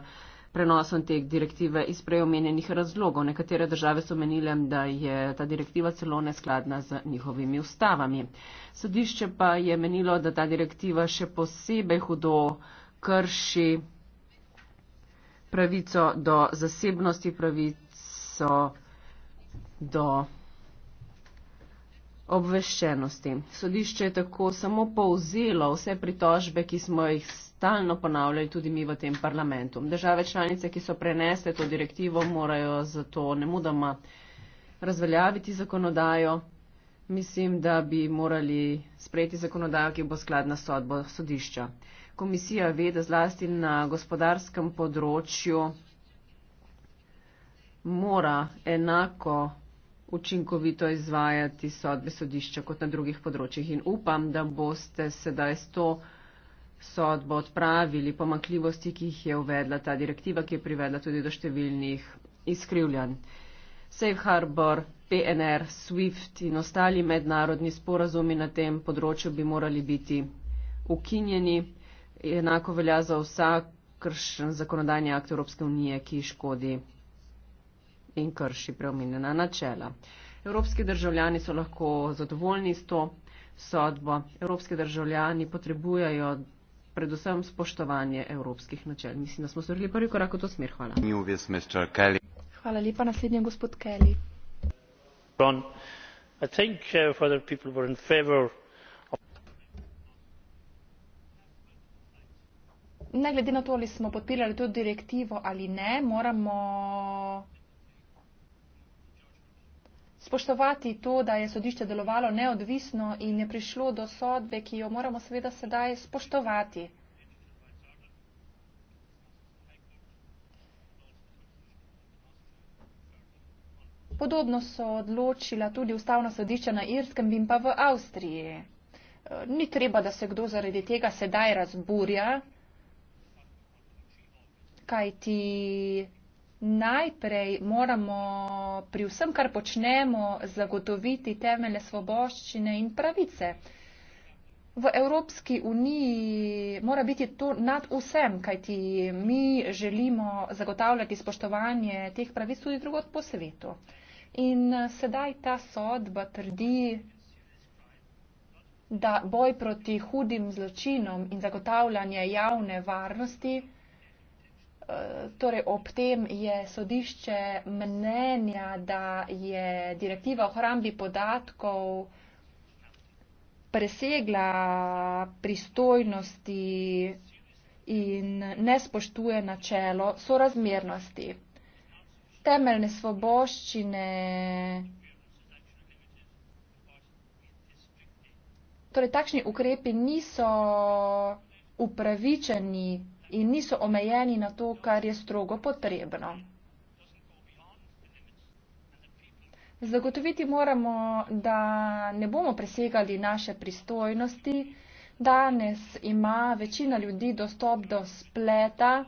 prenosom te direktive iz preomenjenih razlogov. Nekatere države so menile, da je ta direktiva celo neskladna z njihovimi ustavami. Sodišče pa je menilo, da ta direktiva še posebej hudo krši pravico do zasebnosti, pravico do obveščenosti. Sodišče je tako samo povzelo vse pritožbe, ki smo jih stalno ponavljali tudi mi v tem parlamentu. Države članice, ki so prenesle to direktivo, morajo zato ne mudoma razveljaviti zakonodajo. Mislim, da bi morali sprejeti zakonodajo, ki bo skladna sodbo sodišča. Komisija ve, da zlasti na gospodarskem področju mora enako učinkovito izvajati sodbe sodišča kot na drugih področjih. In upam, da boste sedaj s to sodbo odpravili pomankljivosti, ki jih je uvedla ta direktiva, ki je privedla tudi do številnih izkrivljanj. Safe Harbor, PNR, SWIFT in ostali mednarodni sporazumi na tem področju bi morali biti ukinjeni. Enako velja za vsakršen zakonodajni akt Evropske unije, ki škodi in krši preomenjena načela. Evropski državljani so lahko zadovoljni s to sodbo. Evropski državljani potrebujejo predvsem spoštovanje evropskih načel. Mislim, da smo storili prvi korak v to smer. Hvala. Hvala lepa. Naslednji je gospod Kelly. Uh, ne glede na to, ali smo podpirali to direktivo ali ne, moramo spoštovati to, da je sodišče delovalo neodvisno in je prišlo do sodbe, ki jo moramo seveda sedaj spoštovati. Podobno so odločila tudi ustavna sodišča na Irskem in pa v Avstriji. E, ni treba, da se kdo zaradi tega sedaj razburja, kajti najprej moramo pri vsem, kar počnemo, zagotoviti temeljne svoboščine in pravice. V Evropski uniji mora biti to nad vsem, kajti mi želimo zagotavljati spoštovanje teh pravic tudi drugot po svetu. In eh, sedaj ta sodba trdi, da boj proti hudim zločinom in zagotavljanje javne varnosti torej ob tem je sodišče mnenja, da je direktiva o hrambi podatkov presegla pristojnosti in ne spoštuje načelo sorazmernosti. Temeljne svoboščine, torej takšni ukrepi niso upravičeni in niso omejeni na to, kar je strogo potrebno. Zagotoviti moramo, da ne bomo presegali naše pristojnosti. Danes ima večina ljudi dostop do spleta.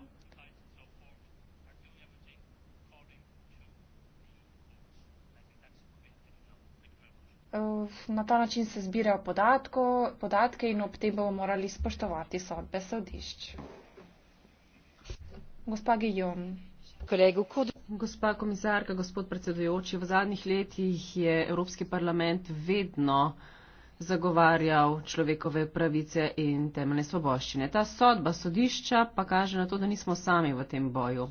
Na ta način se zbirajo podatke in ob tem bomo morali spoštovati sodbe sodišč gospa komisarka gospod predsedujoči v zadnjih letih je evropski parlament vedno zagovarjal človekove pravice in temeljne svoboščine. Ta sodba sodišča pa kaže na to, da nismo sami v tem boju.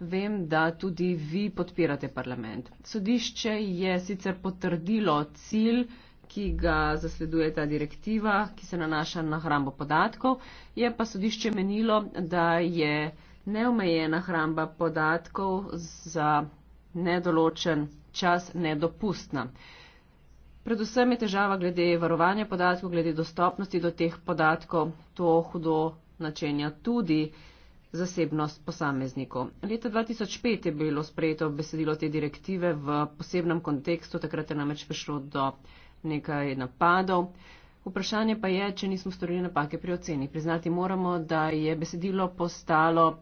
Vem, da tudi vi podpirate parlament. Sodišče je sicer potrdilo cilj, ki ga zasleduje ta direktiva, ki se nanaša na hrambo podatkov, je pa sodišče menilo, da je neomejena hramba podatkov za nedoločen čas nedopustna. Predvsem je težava glede varovanja podatkov, glede dostopnosti do teh podatkov, to hudo načenja tudi zasebnost posameznikov. Leta 2005 je bilo sprejeto besedilo te direktive v posebnem kontekstu, takrat je namreč prišlo do nekaj napadov. Vprašanje pa je, če nismo storili napake pri oceni. Priznati moramo, da je besedilo postalo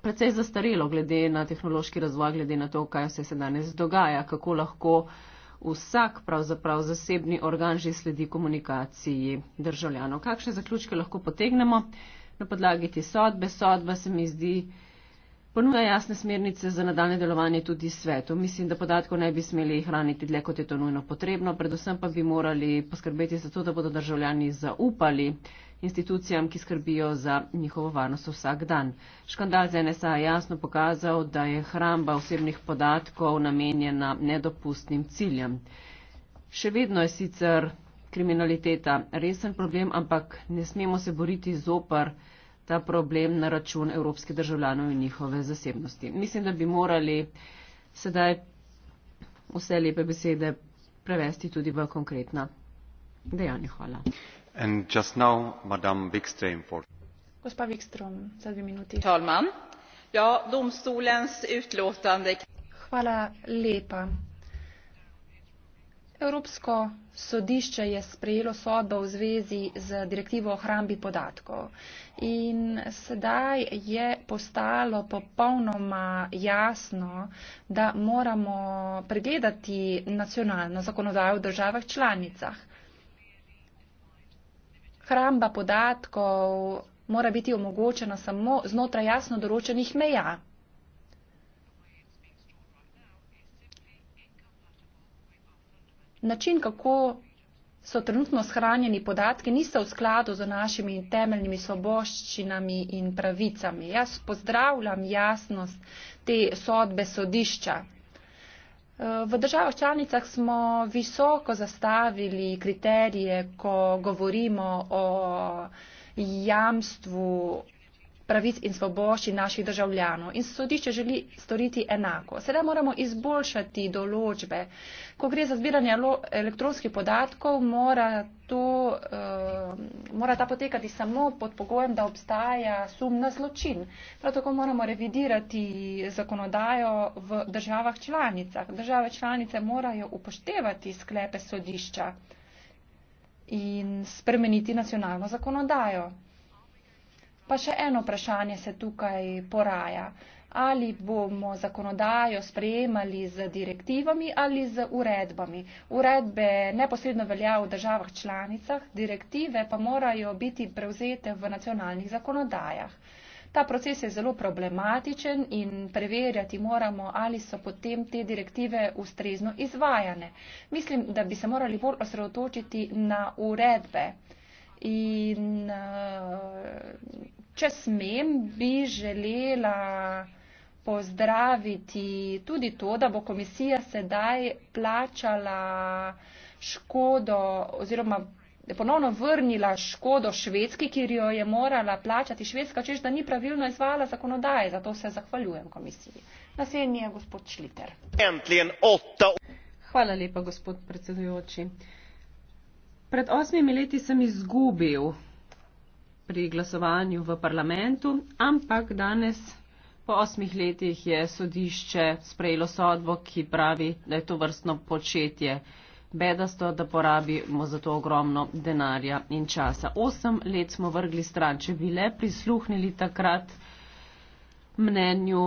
precej zastarelo glede na tehnološki razvoj, glede na to, kaj vse se danes dogaja, kako lahko vsak pravzaprav zasebni organ že sledi komunikaciji državljanov. Kakšne zaključke lahko potegnemo na podlagi te sodbe? Sodba se mi zdi ponuja jasne smernice za nadaljne delovanje tudi svetu. Mislim, da podatkov ne bi smeli hraniti dlje, kot je to nujno potrebno, predvsem pa bi morali poskrbeti za to, da bodo državljani zaupali institucijam, ki skrbijo za njihovo varnost vsak dan. Škandal z NSA je jasno pokazal, da je hramba osebnih podatkov namenjena nedopustnim ciljem. Še vedno je sicer kriminaliteta resen problem, ampak ne smemo se boriti zopr ta problem na račun evropskih državljanov in njihove zasebnosti. Mislim, da bi morali sedaj vse lepe besede prevesti tudi v konkretna dejanja. Hvala herr talman! Ja, domstolens utlåtande. evropsko sodišče je sprejelo sodbo v zvezi z direktivo o hrambi podatkov in sedaj je postalo popolnoma jasno da moramo pregledati nacionalno zakonodajo v državah članicah hramba podatkov mora biti omogočena samo znotraj jasno določenih meja. Način, kako so trenutno shranjeni podatki, niso v skladu z našimi temeljnimi soboščinami in pravicami. Jaz pozdravljam jasnost te sodbe sodišča. V državah članicah smo visoko zastavili kriterije, ko govorimo o jamstvu pravic in svoboščin naših državljanov. In sodišče želi storiti enako. Sedaj moramo izboljšati določbe. Ko gre za zbiranje elektronskih podatkov, mora, to, uh, mora ta potekati samo pod pogojem, da obstaja sum na zločin. Prav tako moramo revidirati zakonodajo v državah članicah. Države članice morajo upoštevati sklepe sodišča in spremeniti nacionalno zakonodajo. Pa še eno vprašanje se tukaj poraja. Ali bomo zakonodajo sprejemali z direktivami ali z uredbami? Uredbe neposredno velja v državah članicah, direktive pa morajo biti prevzete v nacionalnih zakonodajah. Ta proces je zelo problematičen in preverjati moramo, ali so potem te direktive ustrezno izvajane. Mislim, da bi se morali bolj osredotočiti na uredbe. In eh, če smem, bi želela pozdraviti tudi to, da bo komisija sedaj plačala škodo oziroma ponovno vrnila škodo švedski, ki jo je morala plačati švedska, čež da ni pravilno izvala zakonodaje. Zato se zahvaljujem komisiji. Naslednji je gospod Šliter. Hvala lepa, gospod predsedujoči. Pred osmimi leti sem izgubil pri glasovanju v parlamentu, ampak danes po osmih letih je sodišče sprejelo sodbo, ki pravi, da je to vrstno početje bedasto, da porabimo za to ogromno denarja in časa. Osem let smo vrgli stran, če bi le prisluhnili takrat mnenju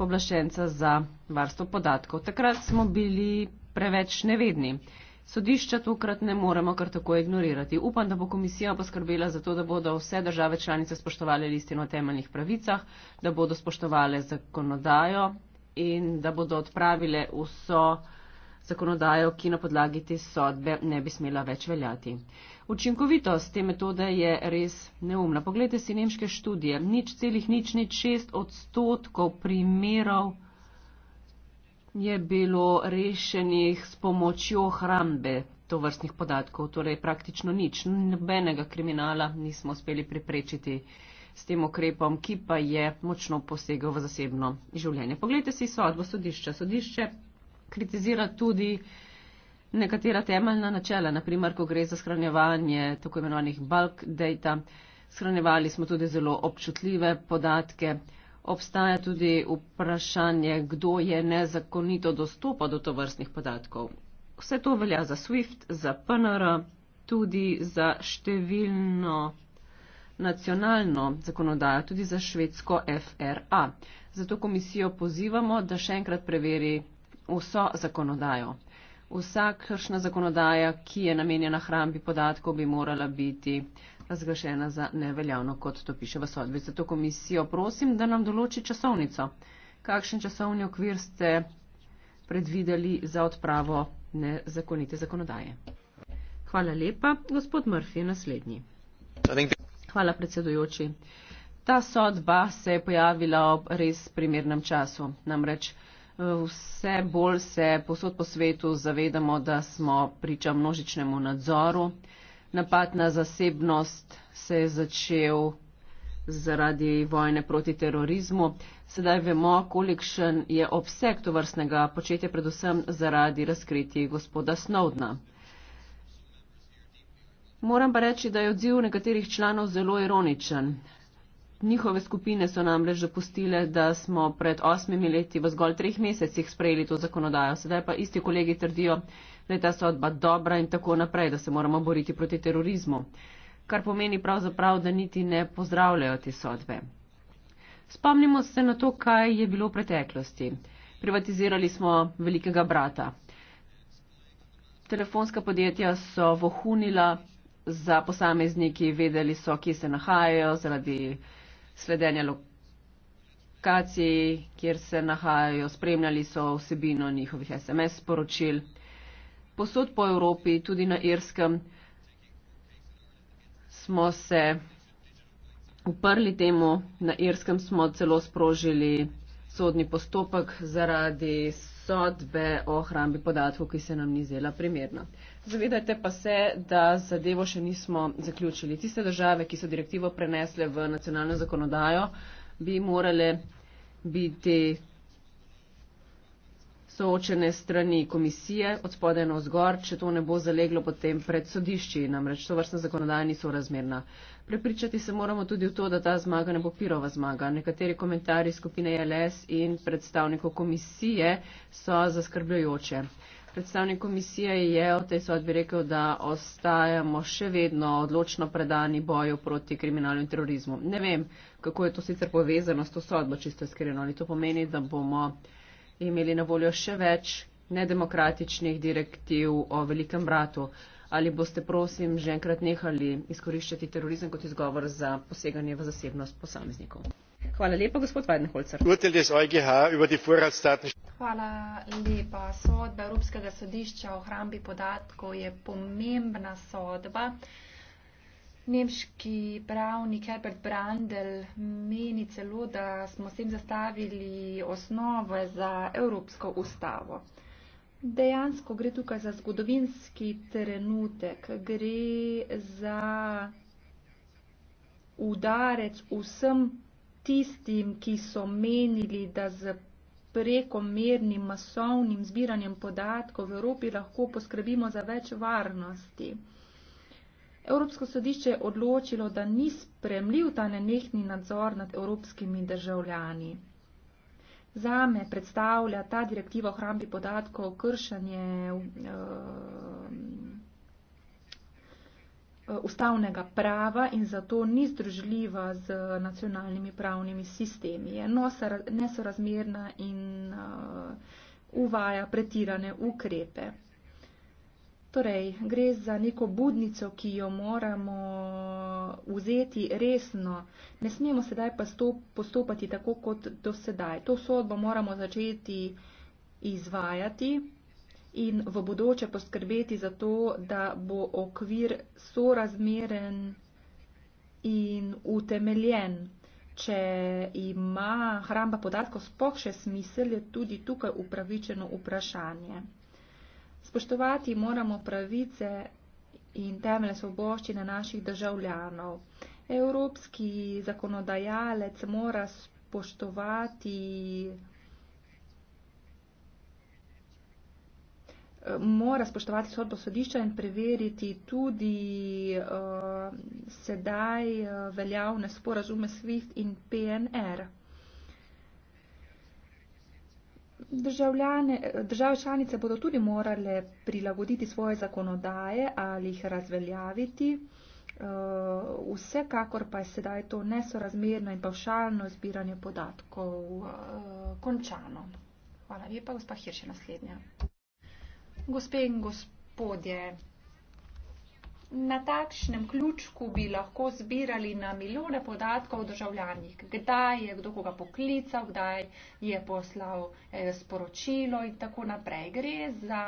poblaščenca za varstvo podatkov. Takrat smo bili preveč nevedni. Sodišča tokrat ne moremo kar tako ignorirati. Upam, da bo komisija poskrbela za to, da bodo vse države članice spoštovali listino o temeljnih pravicah, da bodo spoštovali zakonodajo in da bodo odpravile vso zakonodajo, ki na podlagi te sodbe ne bi smela več veljati. Učinkovitost te metode je res neumna. Poglejte si nemške študije. Nič celih nič nič šest odstotkov primerov je bilo rešenih s pomočjo hrambe tovrstnih podatkov, torej praktično nič, nobenega kriminala nismo uspeli preprečiti s tem okrepom, ki pa je močno posegel v zasebno življenje. Poglejte si sodbo sodišča. Sodišče kritizira tudi nekatera temeljna načela, naprimer, ko gre za shranjevanje tako imenovanih bulk data. Shranjevali smo tudi zelo občutljive podatke. Obstaja tudi vprašanje, kdo je nezakonito dostopa do tovrstnih podatkov. Vse to velja za SWIFT, za PNR, tudi za številno nacionalno zakonodajo, tudi za švedsko FRA. Zato komisijo pozivamo, da še enkrat preveri vso zakonodajo. Vsakršna zakonodaja, ki je namenjena hrambi podatkov, bi morala biti razglašena za neveljavno, kot to piše v sodbi. Zato komisijo prosim, da nam določi časovnico. Kakšen časovni okvir ste predvideli za odpravo nezakonite zakonodaje? Hvala lepa. Gospod Murphy je naslednji. Hvala predsedujoči. Ta sodba se je pojavila ob res primernem času. Namreč eh, vse bolj se posod po svetu zavedamo, da smo priča množičnemu nadzoru. Napad na zasebnost se je začel zaradi vojne proti terorizmu. Sedaj vemo, kolikšen je obseg tovrstnega početja, predvsem zaradi razkriti gospoda Snowdna. Moram pa reči, da je odziv nekaterih članov zelo ironičen. Njihove skupine so nam reč zapustile, da smo pred osmimi leti v zgolj treh mesecih sprejeli to zakonodajo. Sedaj pa isti kolegi trdijo, da je ta sodba dobra in tako naprej, da se moramo boriti proti terorizmu. Kar pomeni pravzaprav, da niti ne pozdravljajo te sodbe. Spomnimo se na to, kaj je bilo v preteklosti. Privatizirali smo velikega brata. Telefonska podjetja so vohunila za posamezniki, vedeli so, kje se nahajajo zaradi sledenja lokacij, kjer se nahajajo, spremljali so vsebino njihovih SMS sporočil posod po Evropi, tudi na Irskem, smo se uprli temu, na Irskem smo celo sprožili sodni postopek zaradi sodbe o hrambi podatkov, ki se nam ni zela primerna. Zavedajte pa se, da zadevo še nismo zaključili. Tiste države, ki so direktivo prenesle v nacionalno zakonodajo, bi morale biti soočene strani komisije, od spodaj na vzgor, če to ne bo zaleglo potem pred sodišči. Namreč to vrstne zakonodaje niso razmerna. Prepričati se moramo tudi v to, da ta zmaga ne bo pirova zmaga. Nekateri komentarji skupine LS in predstavnikov komisije so zaskrbljujoče. Predstavnik komisije je o tej sodbi rekel, da ostajamo še vedno odločno predani boju proti kriminalu in terorizmu. Ne vem, kako je to sicer povezano s to sodbo, čisto iskreno, ali to pomeni, da bomo imeli na voljo še več nedemokratičnih direktiv o velikem bratu. Ali boste, prosim, že enkrat nehali izkoriščati terorizem kot izgovor za poseganje v zasebnost posameznikov? Hvala lepa, gospod Weidenholzer. Hvala lepa. Sodba Evropskega sodišča o hrambi podatkov je pomembna sodba. Nemški pravnik Herbert Brandl meni celo, da smo s tem zastavili osnove za Evropsko ustavo. Dejansko gre tukaj za zgodovinski trenutek, gre za udarec vsem tistim, ki so menili, da z prekomernim masovnim zbiranjem podatkov v Evropi lahko poskrbimo za več varnosti. Evropsko sodišče je odločilo, da ni spremljiv ta nenehni nadzor nad evropskimi državljani. Zame predstavlja ta direktiva o hrambi podatkov kršenje uh, ustavnega prava in zato ni združljiva z nacionalnimi pravnimi sistemi. Je nesorazmerna in uh, uvaja pretirane ukrepe. Torej, gre za neko budnico, ki jo moramo vzeti resno. Ne smemo sedaj pa postopati tako kot do sedaj. To sodbo moramo začeti izvajati in v bodoče poskrbeti za to, da bo okvir sorazmeren in utemeljen. Če ima hramba podatkov spoh še smisel, je tudi tukaj upravičeno vprašanje. Spoštovati moramo pravice in temelje svoboščine naših državljanov. Evropski zakonodajalec mora spoštovati mora spoštovati sodbo sodišča in preveriti tudi uh, sedaj uh, veljavne sporazume SWIFT in PNR. Države članice bodo tudi morale prilagoditi svoje zakonodaje ali jih razveljaviti. Eh, vsekakor pa je sedaj to nesorazmerno in pavšalno zbiranje podatkov eh, končano. Hvala lepa, gospa Hirše, naslednja. Gospe in gospodje, na takšnem ključku bi lahko zbirali na milijone podatkov o državljanih, kdaj je kdo koga poklical, kdaj je poslal eh, sporočilo in tako naprej. Gre za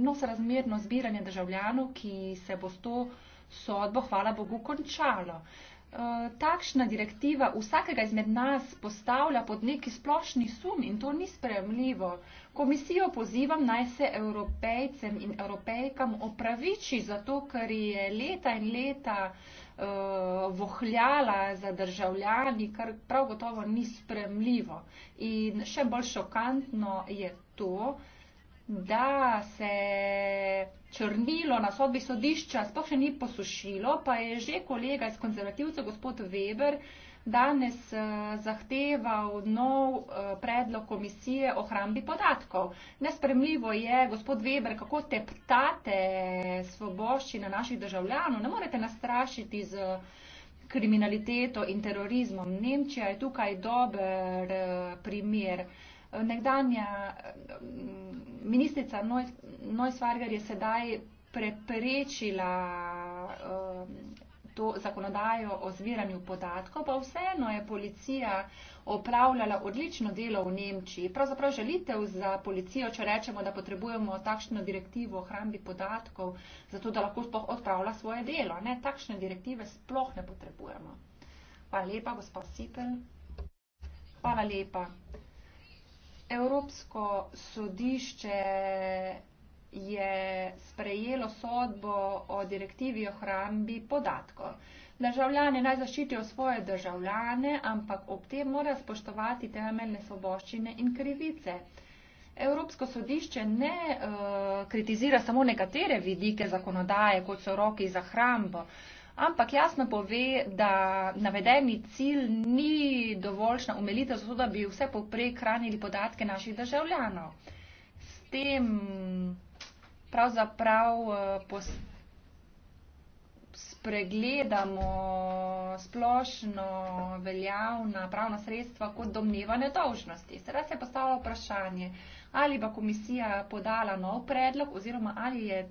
nesorazmerno zbiranje državljanov, ki se bo s to sodbo, hvala Bogu, končalo. Eh, takšna direktiva vsakega izmed nas postavlja pod neki splošni sum in to ni sprejemljivo. Komisijo pozivam naj se evropejcem in evropejkam opraviči za to, ker je leta in leta uh, vohljala za državljani, kar prav gotovo ni sprejemljivo. In še bolj šokantno je to, da se črnilo na sodbi sodišča, sploh še ni posušilo, pa je že kolega iz konzervativca, gospod Weber, danes eh, zahteval nov eh, predlog komisije o hrambi podatkov. Nespremljivo je, gospod Weber, kako teptate svobošči na naših državljanov. Ne morete nastrašiti z kriminaliteto in terorizmom. Nemčija je tukaj dober eh, primer nekdanja mm, ministrica Neusvarger je sedaj preprečila um, to zakonodajo o zbiranju podatkov, pa vseeno je policija opravljala odlično delo v Nemčiji. Pravzaprav želitev za policijo, če rečemo, da potrebujemo takšno direktivo o hrambi podatkov, zato da lahko sploh odpravlja svoje delo. Ne, takšne direktive sploh ne potrebujemo. Hvala lepa, gospod Sipel. Hvala lepa. Evropsko sodišče je sprejelo sodbo o direktivi o hrambi podatkov. Državljane naj zaščitijo svoje državljane, ampak ob tem mora spoštovati temeljne svoboščine in krivice. Evropsko sodišče ne uh, kritizira samo nekatere vidike zakonodaje, kot so roki za hrambo, uh, ampak jasno pove, da navedeni cilj ni dovoljšna umelitev, zato da bi vse poprej hranili podatke naših državljanov. S tem pravzaprav eh, spregledamo splošno veljavna pravna sredstva kot domneva nedolžnosti. Sedaj se je postavilo vprašanje, ali bo komisija podala nov predlog oziroma ali je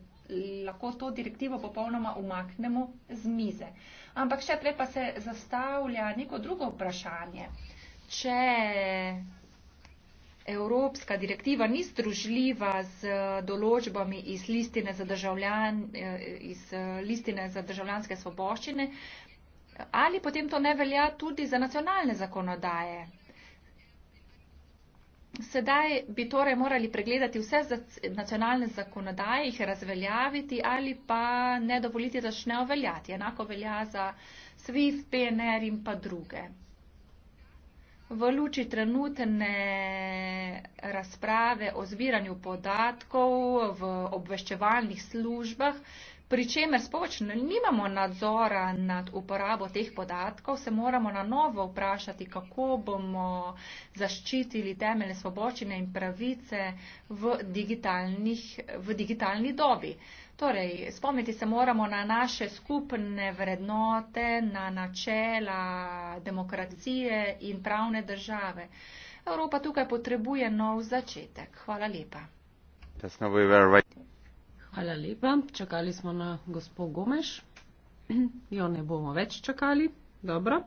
lahko to direktivo popolnoma umaknemo z mize. Ampak še prej pa se zastavlja neko drugo vprašanje. Če evropska direktiva ni združljiva z določbami iz listine za, državljan, eh, iz eh, listine za državljanske svoboščine, ali potem to ne velja tudi za nacionalne zakonodaje? Sedaj bi torej morali pregledati vse nacionalne zakonodaje, jih razveljaviti ali pa ne dovoliti, da začne uveljati. Enako velja za SWIFT, PNR in pa druge. V luči trenutne razprave o zbiranju podatkov v obveščevalnih službah pri čemer spočno nimamo nadzora nad uporabo teh podatkov, se moramo na novo vprašati, kako bomo zaščitili temeljne svobočine in pravice v, v digitalni dobi. Torej, spomniti se moramo na naše skupne vrednote, na načela demokracije in pravne države. Evropa tukaj potrebuje nov začetek. Hvala lepa. That's not we were right. Hvala lepa. Čakali smo na gospod Gomeš. <clears throat> Jo ne bomo več čakali. Dobro.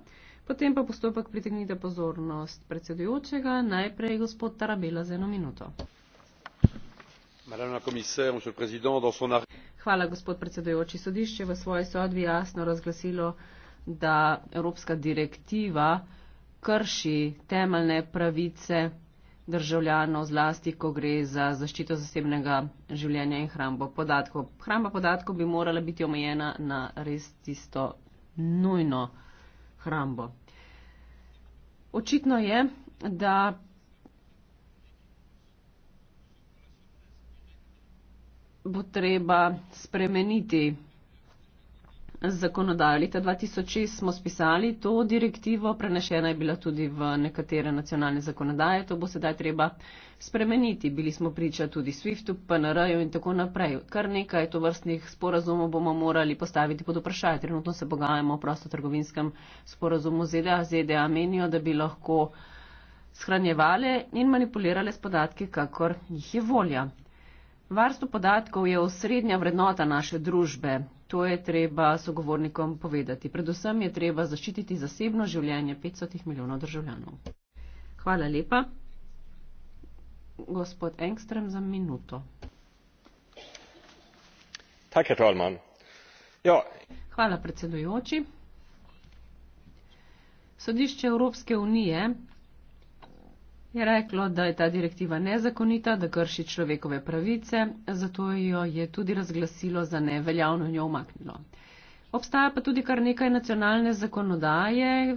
Potem pa postopek pritegnite pozornost predsedujočega. Najprej gospod Tarabela za eno minuto. Hvala, gospod predsedujoči. Sodišče v svoji sodbi jasno razglasilo, da Evropska direktiva krši temeljne pravice državljanov, zlasti, ko gre za zaščito zasebnega življenja in hrambo podatkov. Hramba podatkov bi morala biti omejena na res tisto nujno hrambo. Očitno je, da bo treba spremeniti zakonodajo. Leta 2006 smo spisali to direktivo, prenešena je bila tudi v nekatere nacionalne zakonodaje, to bo sedaj treba spremeniti. Bili smo priča tudi SWIFT-u, PNR-ju in tako naprej. Kar nekaj to vrstnih sporazumov bomo morali postaviti pod vprašanje. Trenutno se pogajamo o prostotrgovinskem sporazumu ZDA. ZDA menijo, da bi lahko shranjevale in manipulirale s podatki, kakor jih je volja. Varstvo podatkov je osrednja vrednota naše družbe. To je treba sogovornikom povedati. Predvsem je treba zaščititi zasebno življenje 500 milijonov državljanov. Hvala lepa. Gospod Engström za minuto. Tak, Herr Talman. Ja. Hvala predsedujoči. Sodišče Evropske unije je reklo, da je ta direktiva nezakonita, da krši človekove pravice, zato jo je tudi razglasilo za neveljavno in jo omaknilo. Obstaja pa tudi kar nekaj nacionalne zakonodaje,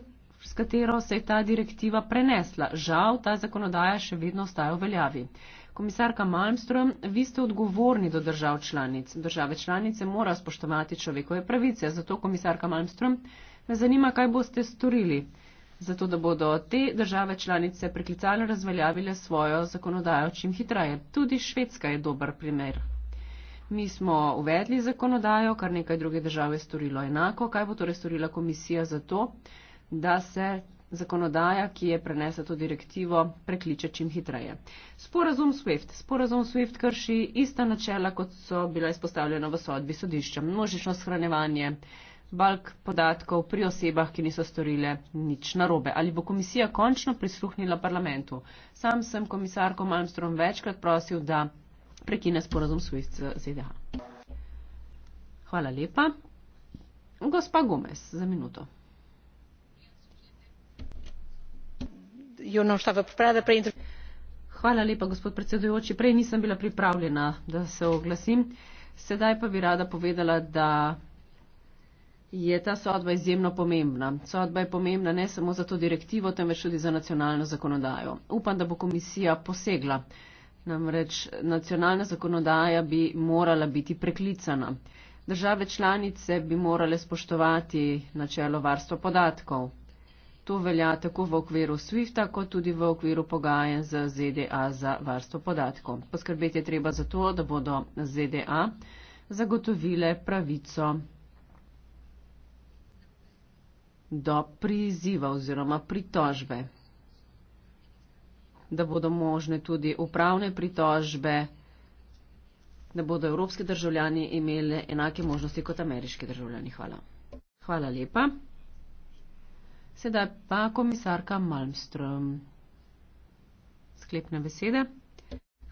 s katero se je ta direktiva prenesla. Žal, ta zakonodaja še vedno ostaja v veljavi. Komisarka Malmström, vi ste odgovorni do držav članic. Države članice morajo spoštovati človekove pravice. Zato, komisarka Malmström, me zanima, kaj boste storili zato da bodo te države članice preklicalno razveljavile svojo zakonodajo čim hitreje. Tudi Švedska je dober primer. Mi smo uvedli zakonodajo, kar nekaj druge države je storilo enako. Kaj bo torej storila komisija za to, da se zakonodaja, ki je prenesla to direktivo, prekliče čim hitreje. Sporazum SWIFT. Sporazum SWIFT krši ista načela, kot so bila izpostavljena v sodbi sodišča. Množično shranjevanje balk podatkov pri osebah, ki niso storile nič narobe. Ali bo komisija končno prisluhnila parlamentu? Sam sem komisarko Malmstrom večkrat prosil, da prekine sporozum SWIFT z ZDA. Hvala lepa. Gospa Gomez, za minuto. Hvala lepa, gospod predsedujoči. Prej nisem bila pripravljena, da se oglasim. Sedaj pa bi rada povedala, da je ta sodba izjemno pomembna. Sodba je pomembna ne samo za to direktivo, temveč tudi za nacionalno zakonodajo. Upam, da bo komisija posegla. Namreč nacionalna zakonodaja bi morala biti preklicana. Države članice bi morale spoštovati načelo varstva podatkov. To velja tako v okviru SWIFT-a, kot tudi v okviru pogajanj z ZDA za varstvo podatkov. Poskrbeti je treba za to, da bodo ZDA zagotovile pravico do priziva oziroma pritožbe, da bodo možne tudi upravne pritožbe, da bodo evropski državljani imeli enake možnosti kot ameriški državljani. Hvala. Hvala lepa. Sedaj pa komisarka Malmström. Sklepne besede.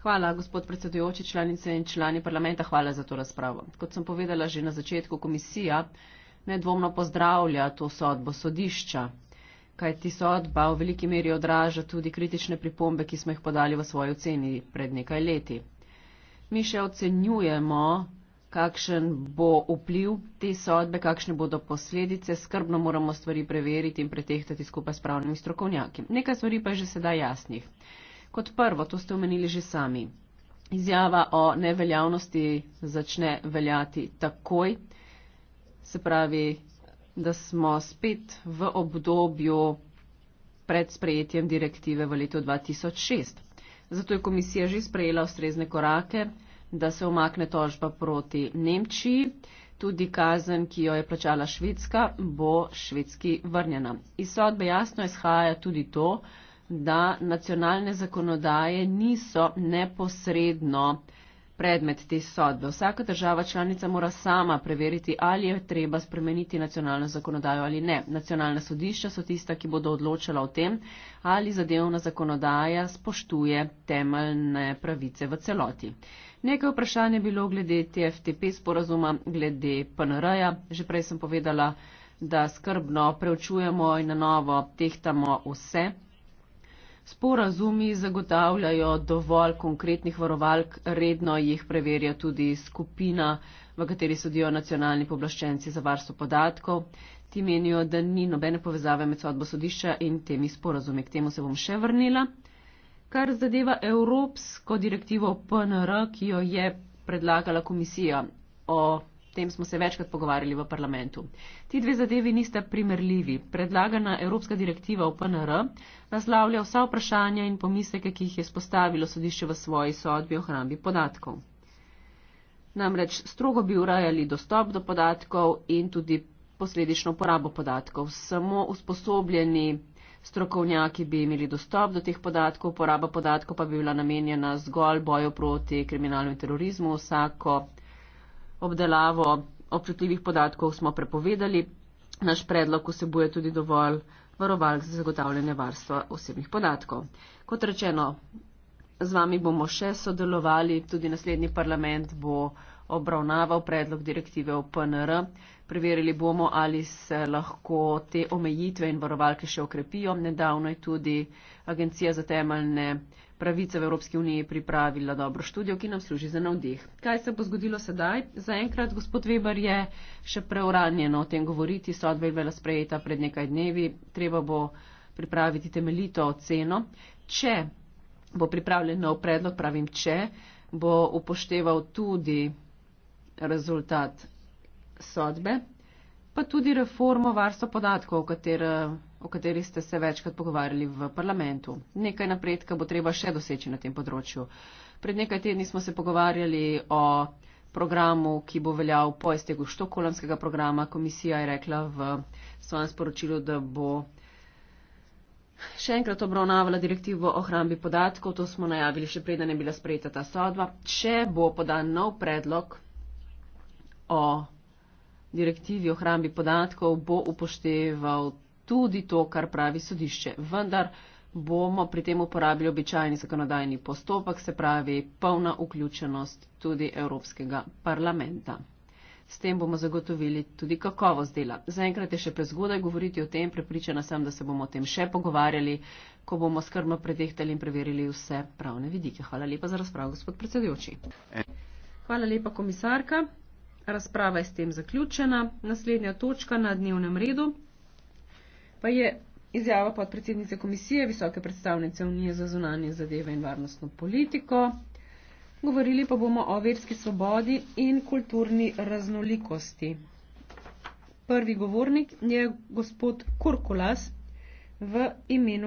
Hvala, gospod predsedujoči, članice in člani parlamenta, hvala za to razpravo. Kot sem povedala že na začetku, komisija nedvomno pozdravlja to sodbo sodišča, kaj ti sodba v veliki meri odraža tudi kritične pripombe, ki smo jih podali v svoji oceni pred nekaj leti. Mi še ocenjujemo, kakšen bo vpliv te sodbe, kakšne bodo posledice, skrbno moramo stvari preveriti in pretehtati skupaj s pravnimi strokovnjaki. Nekaj stvari pa je že sedaj jasnih. Kot prvo, to ste omenili že sami. Izjava o neveljavnosti začne veljati takoj se pravi, da smo spet v obdobju pred sprejetjem direktive v letu 2006. Zato je komisija že sprejela ustrezne korake, da se omakne tožba proti Nemčiji. Tudi kazen, ki jo je plačala Švedska, bo švedski vrnjena. Iz sodbe jasno izhaja tudi to, da nacionalne zakonodaje niso neposredno uh, predmet te sodbe. Vsaka država članica mora sama preveriti, ali je treba spremeniti nacionalno zakonodajo ali ne. Nacionalna sodišča so tista, ki bodo odločala o tem, ali zadevna zakonodaja spoštuje temeljne pravice v celoti. Nekaj vprašanj je bilo glede TFTP sporazuma, glede PNR-ja. Že prej sem povedala, da skrbno preučujemo in na novo tehtamo vse Sporazumi zagotavljajo dovolj konkretnih varovalk, redno jih preverja tudi skupina, v kateri sodijo nacionalni poblaščenci za varstvo podatkov. Ti menijo, da ni nobene povezave med sodbo sodišča in temi sporazumi. K temu se bom še vrnila. Kar zadeva Evropsko direktivo PNR, ki jo je predlagala komisija o tem smo se večkrat pogovarjali v parlamentu. Ti dve zadevi nista primerljivi. Predlagana evropska direktiva o PNR naslavlja vsa vprašanja in pomisleke, ki jih je spostavilo sodišče v svoji sodbi o hrambi podatkov. Namreč strogo bi urajali dostop do podatkov in tudi posledično porabo podatkov. Samo usposobljeni strokovnjaki bi imeli dostop do teh podatkov, poraba podatkov pa bi bila namenjena zgolj boju proti kriminalnemu terorizmu. Vsako obdelavo občutljivih podatkov smo prepovedali. Naš predlog vsebuje tudi dovolj varovalk za zagotavljanje varstva osebnih podatkov. Kot rečeno, z vami bomo še sodelovali, tudi naslednji parlament bo obravnaval predlog direktive o PNR. Preverili bomo, ali se lahko te omejitve in varovalke še okrepijo. Nedavno je tudi Agencija za temeljne pravice v Evropski uniji pripravila dobro študijo, ki nam služi za navdih. Kaj se bo zgodilo sedaj? Zaenkrat, gospod Weber, je še preuranjeno o tem govoriti. Sodbe je bila sprejeta pred nekaj dnevi. Treba bo pripraviti temeljito oceno. Če bo pripravljen nov predlog, pravim če, bo upošteval tudi rezultat sodbe, pa tudi reformo varstva podatkov, o, katera, o kateri ste se večkrat pogovarjali v parlamentu. Nekaj napredka bo treba še doseči na tem področju. Pred nekaj tedni smo se pogovarjali o programu, ki bo veljal po iztegu štokolamskega programa. Komisija je rekla v svojem sporočilu, da bo še enkrat obravnavala direktivo o hrambi podatkov. To smo najavili še preden je bila sprejeta ta sodba. Če bo podan nov predlog o direktivi o hrambi podatkov bo upošteval tudi to, kar pravi sodišče. Vendar bomo pri tem uporabili običajni zakonodajni postopek, se pravi polna vključenost tudi Evropskega parlamenta. S tem bomo zagotovili tudi kakovost dela. Zaenkrat je še prezgodaj govoriti o tem, prepričana sem, da se bomo o tem še pogovarjali, ko bomo skrbno predehtali in preverili vse pravne vidike. Hvala lepa za razpravo, gospod predsedujoči. Hvala lepa, komisarka. Razprava je s tem zaključena. Naslednja točka na dnevnem redu pa je izjava podpredsednice komisije Visoke predstavnice Unije za zunanje zadeve in varnostno politiko. Govorili pa bomo o verski svobodi in kulturni raznolikosti. Prvi govornik je gospod Kurkulas v imenu.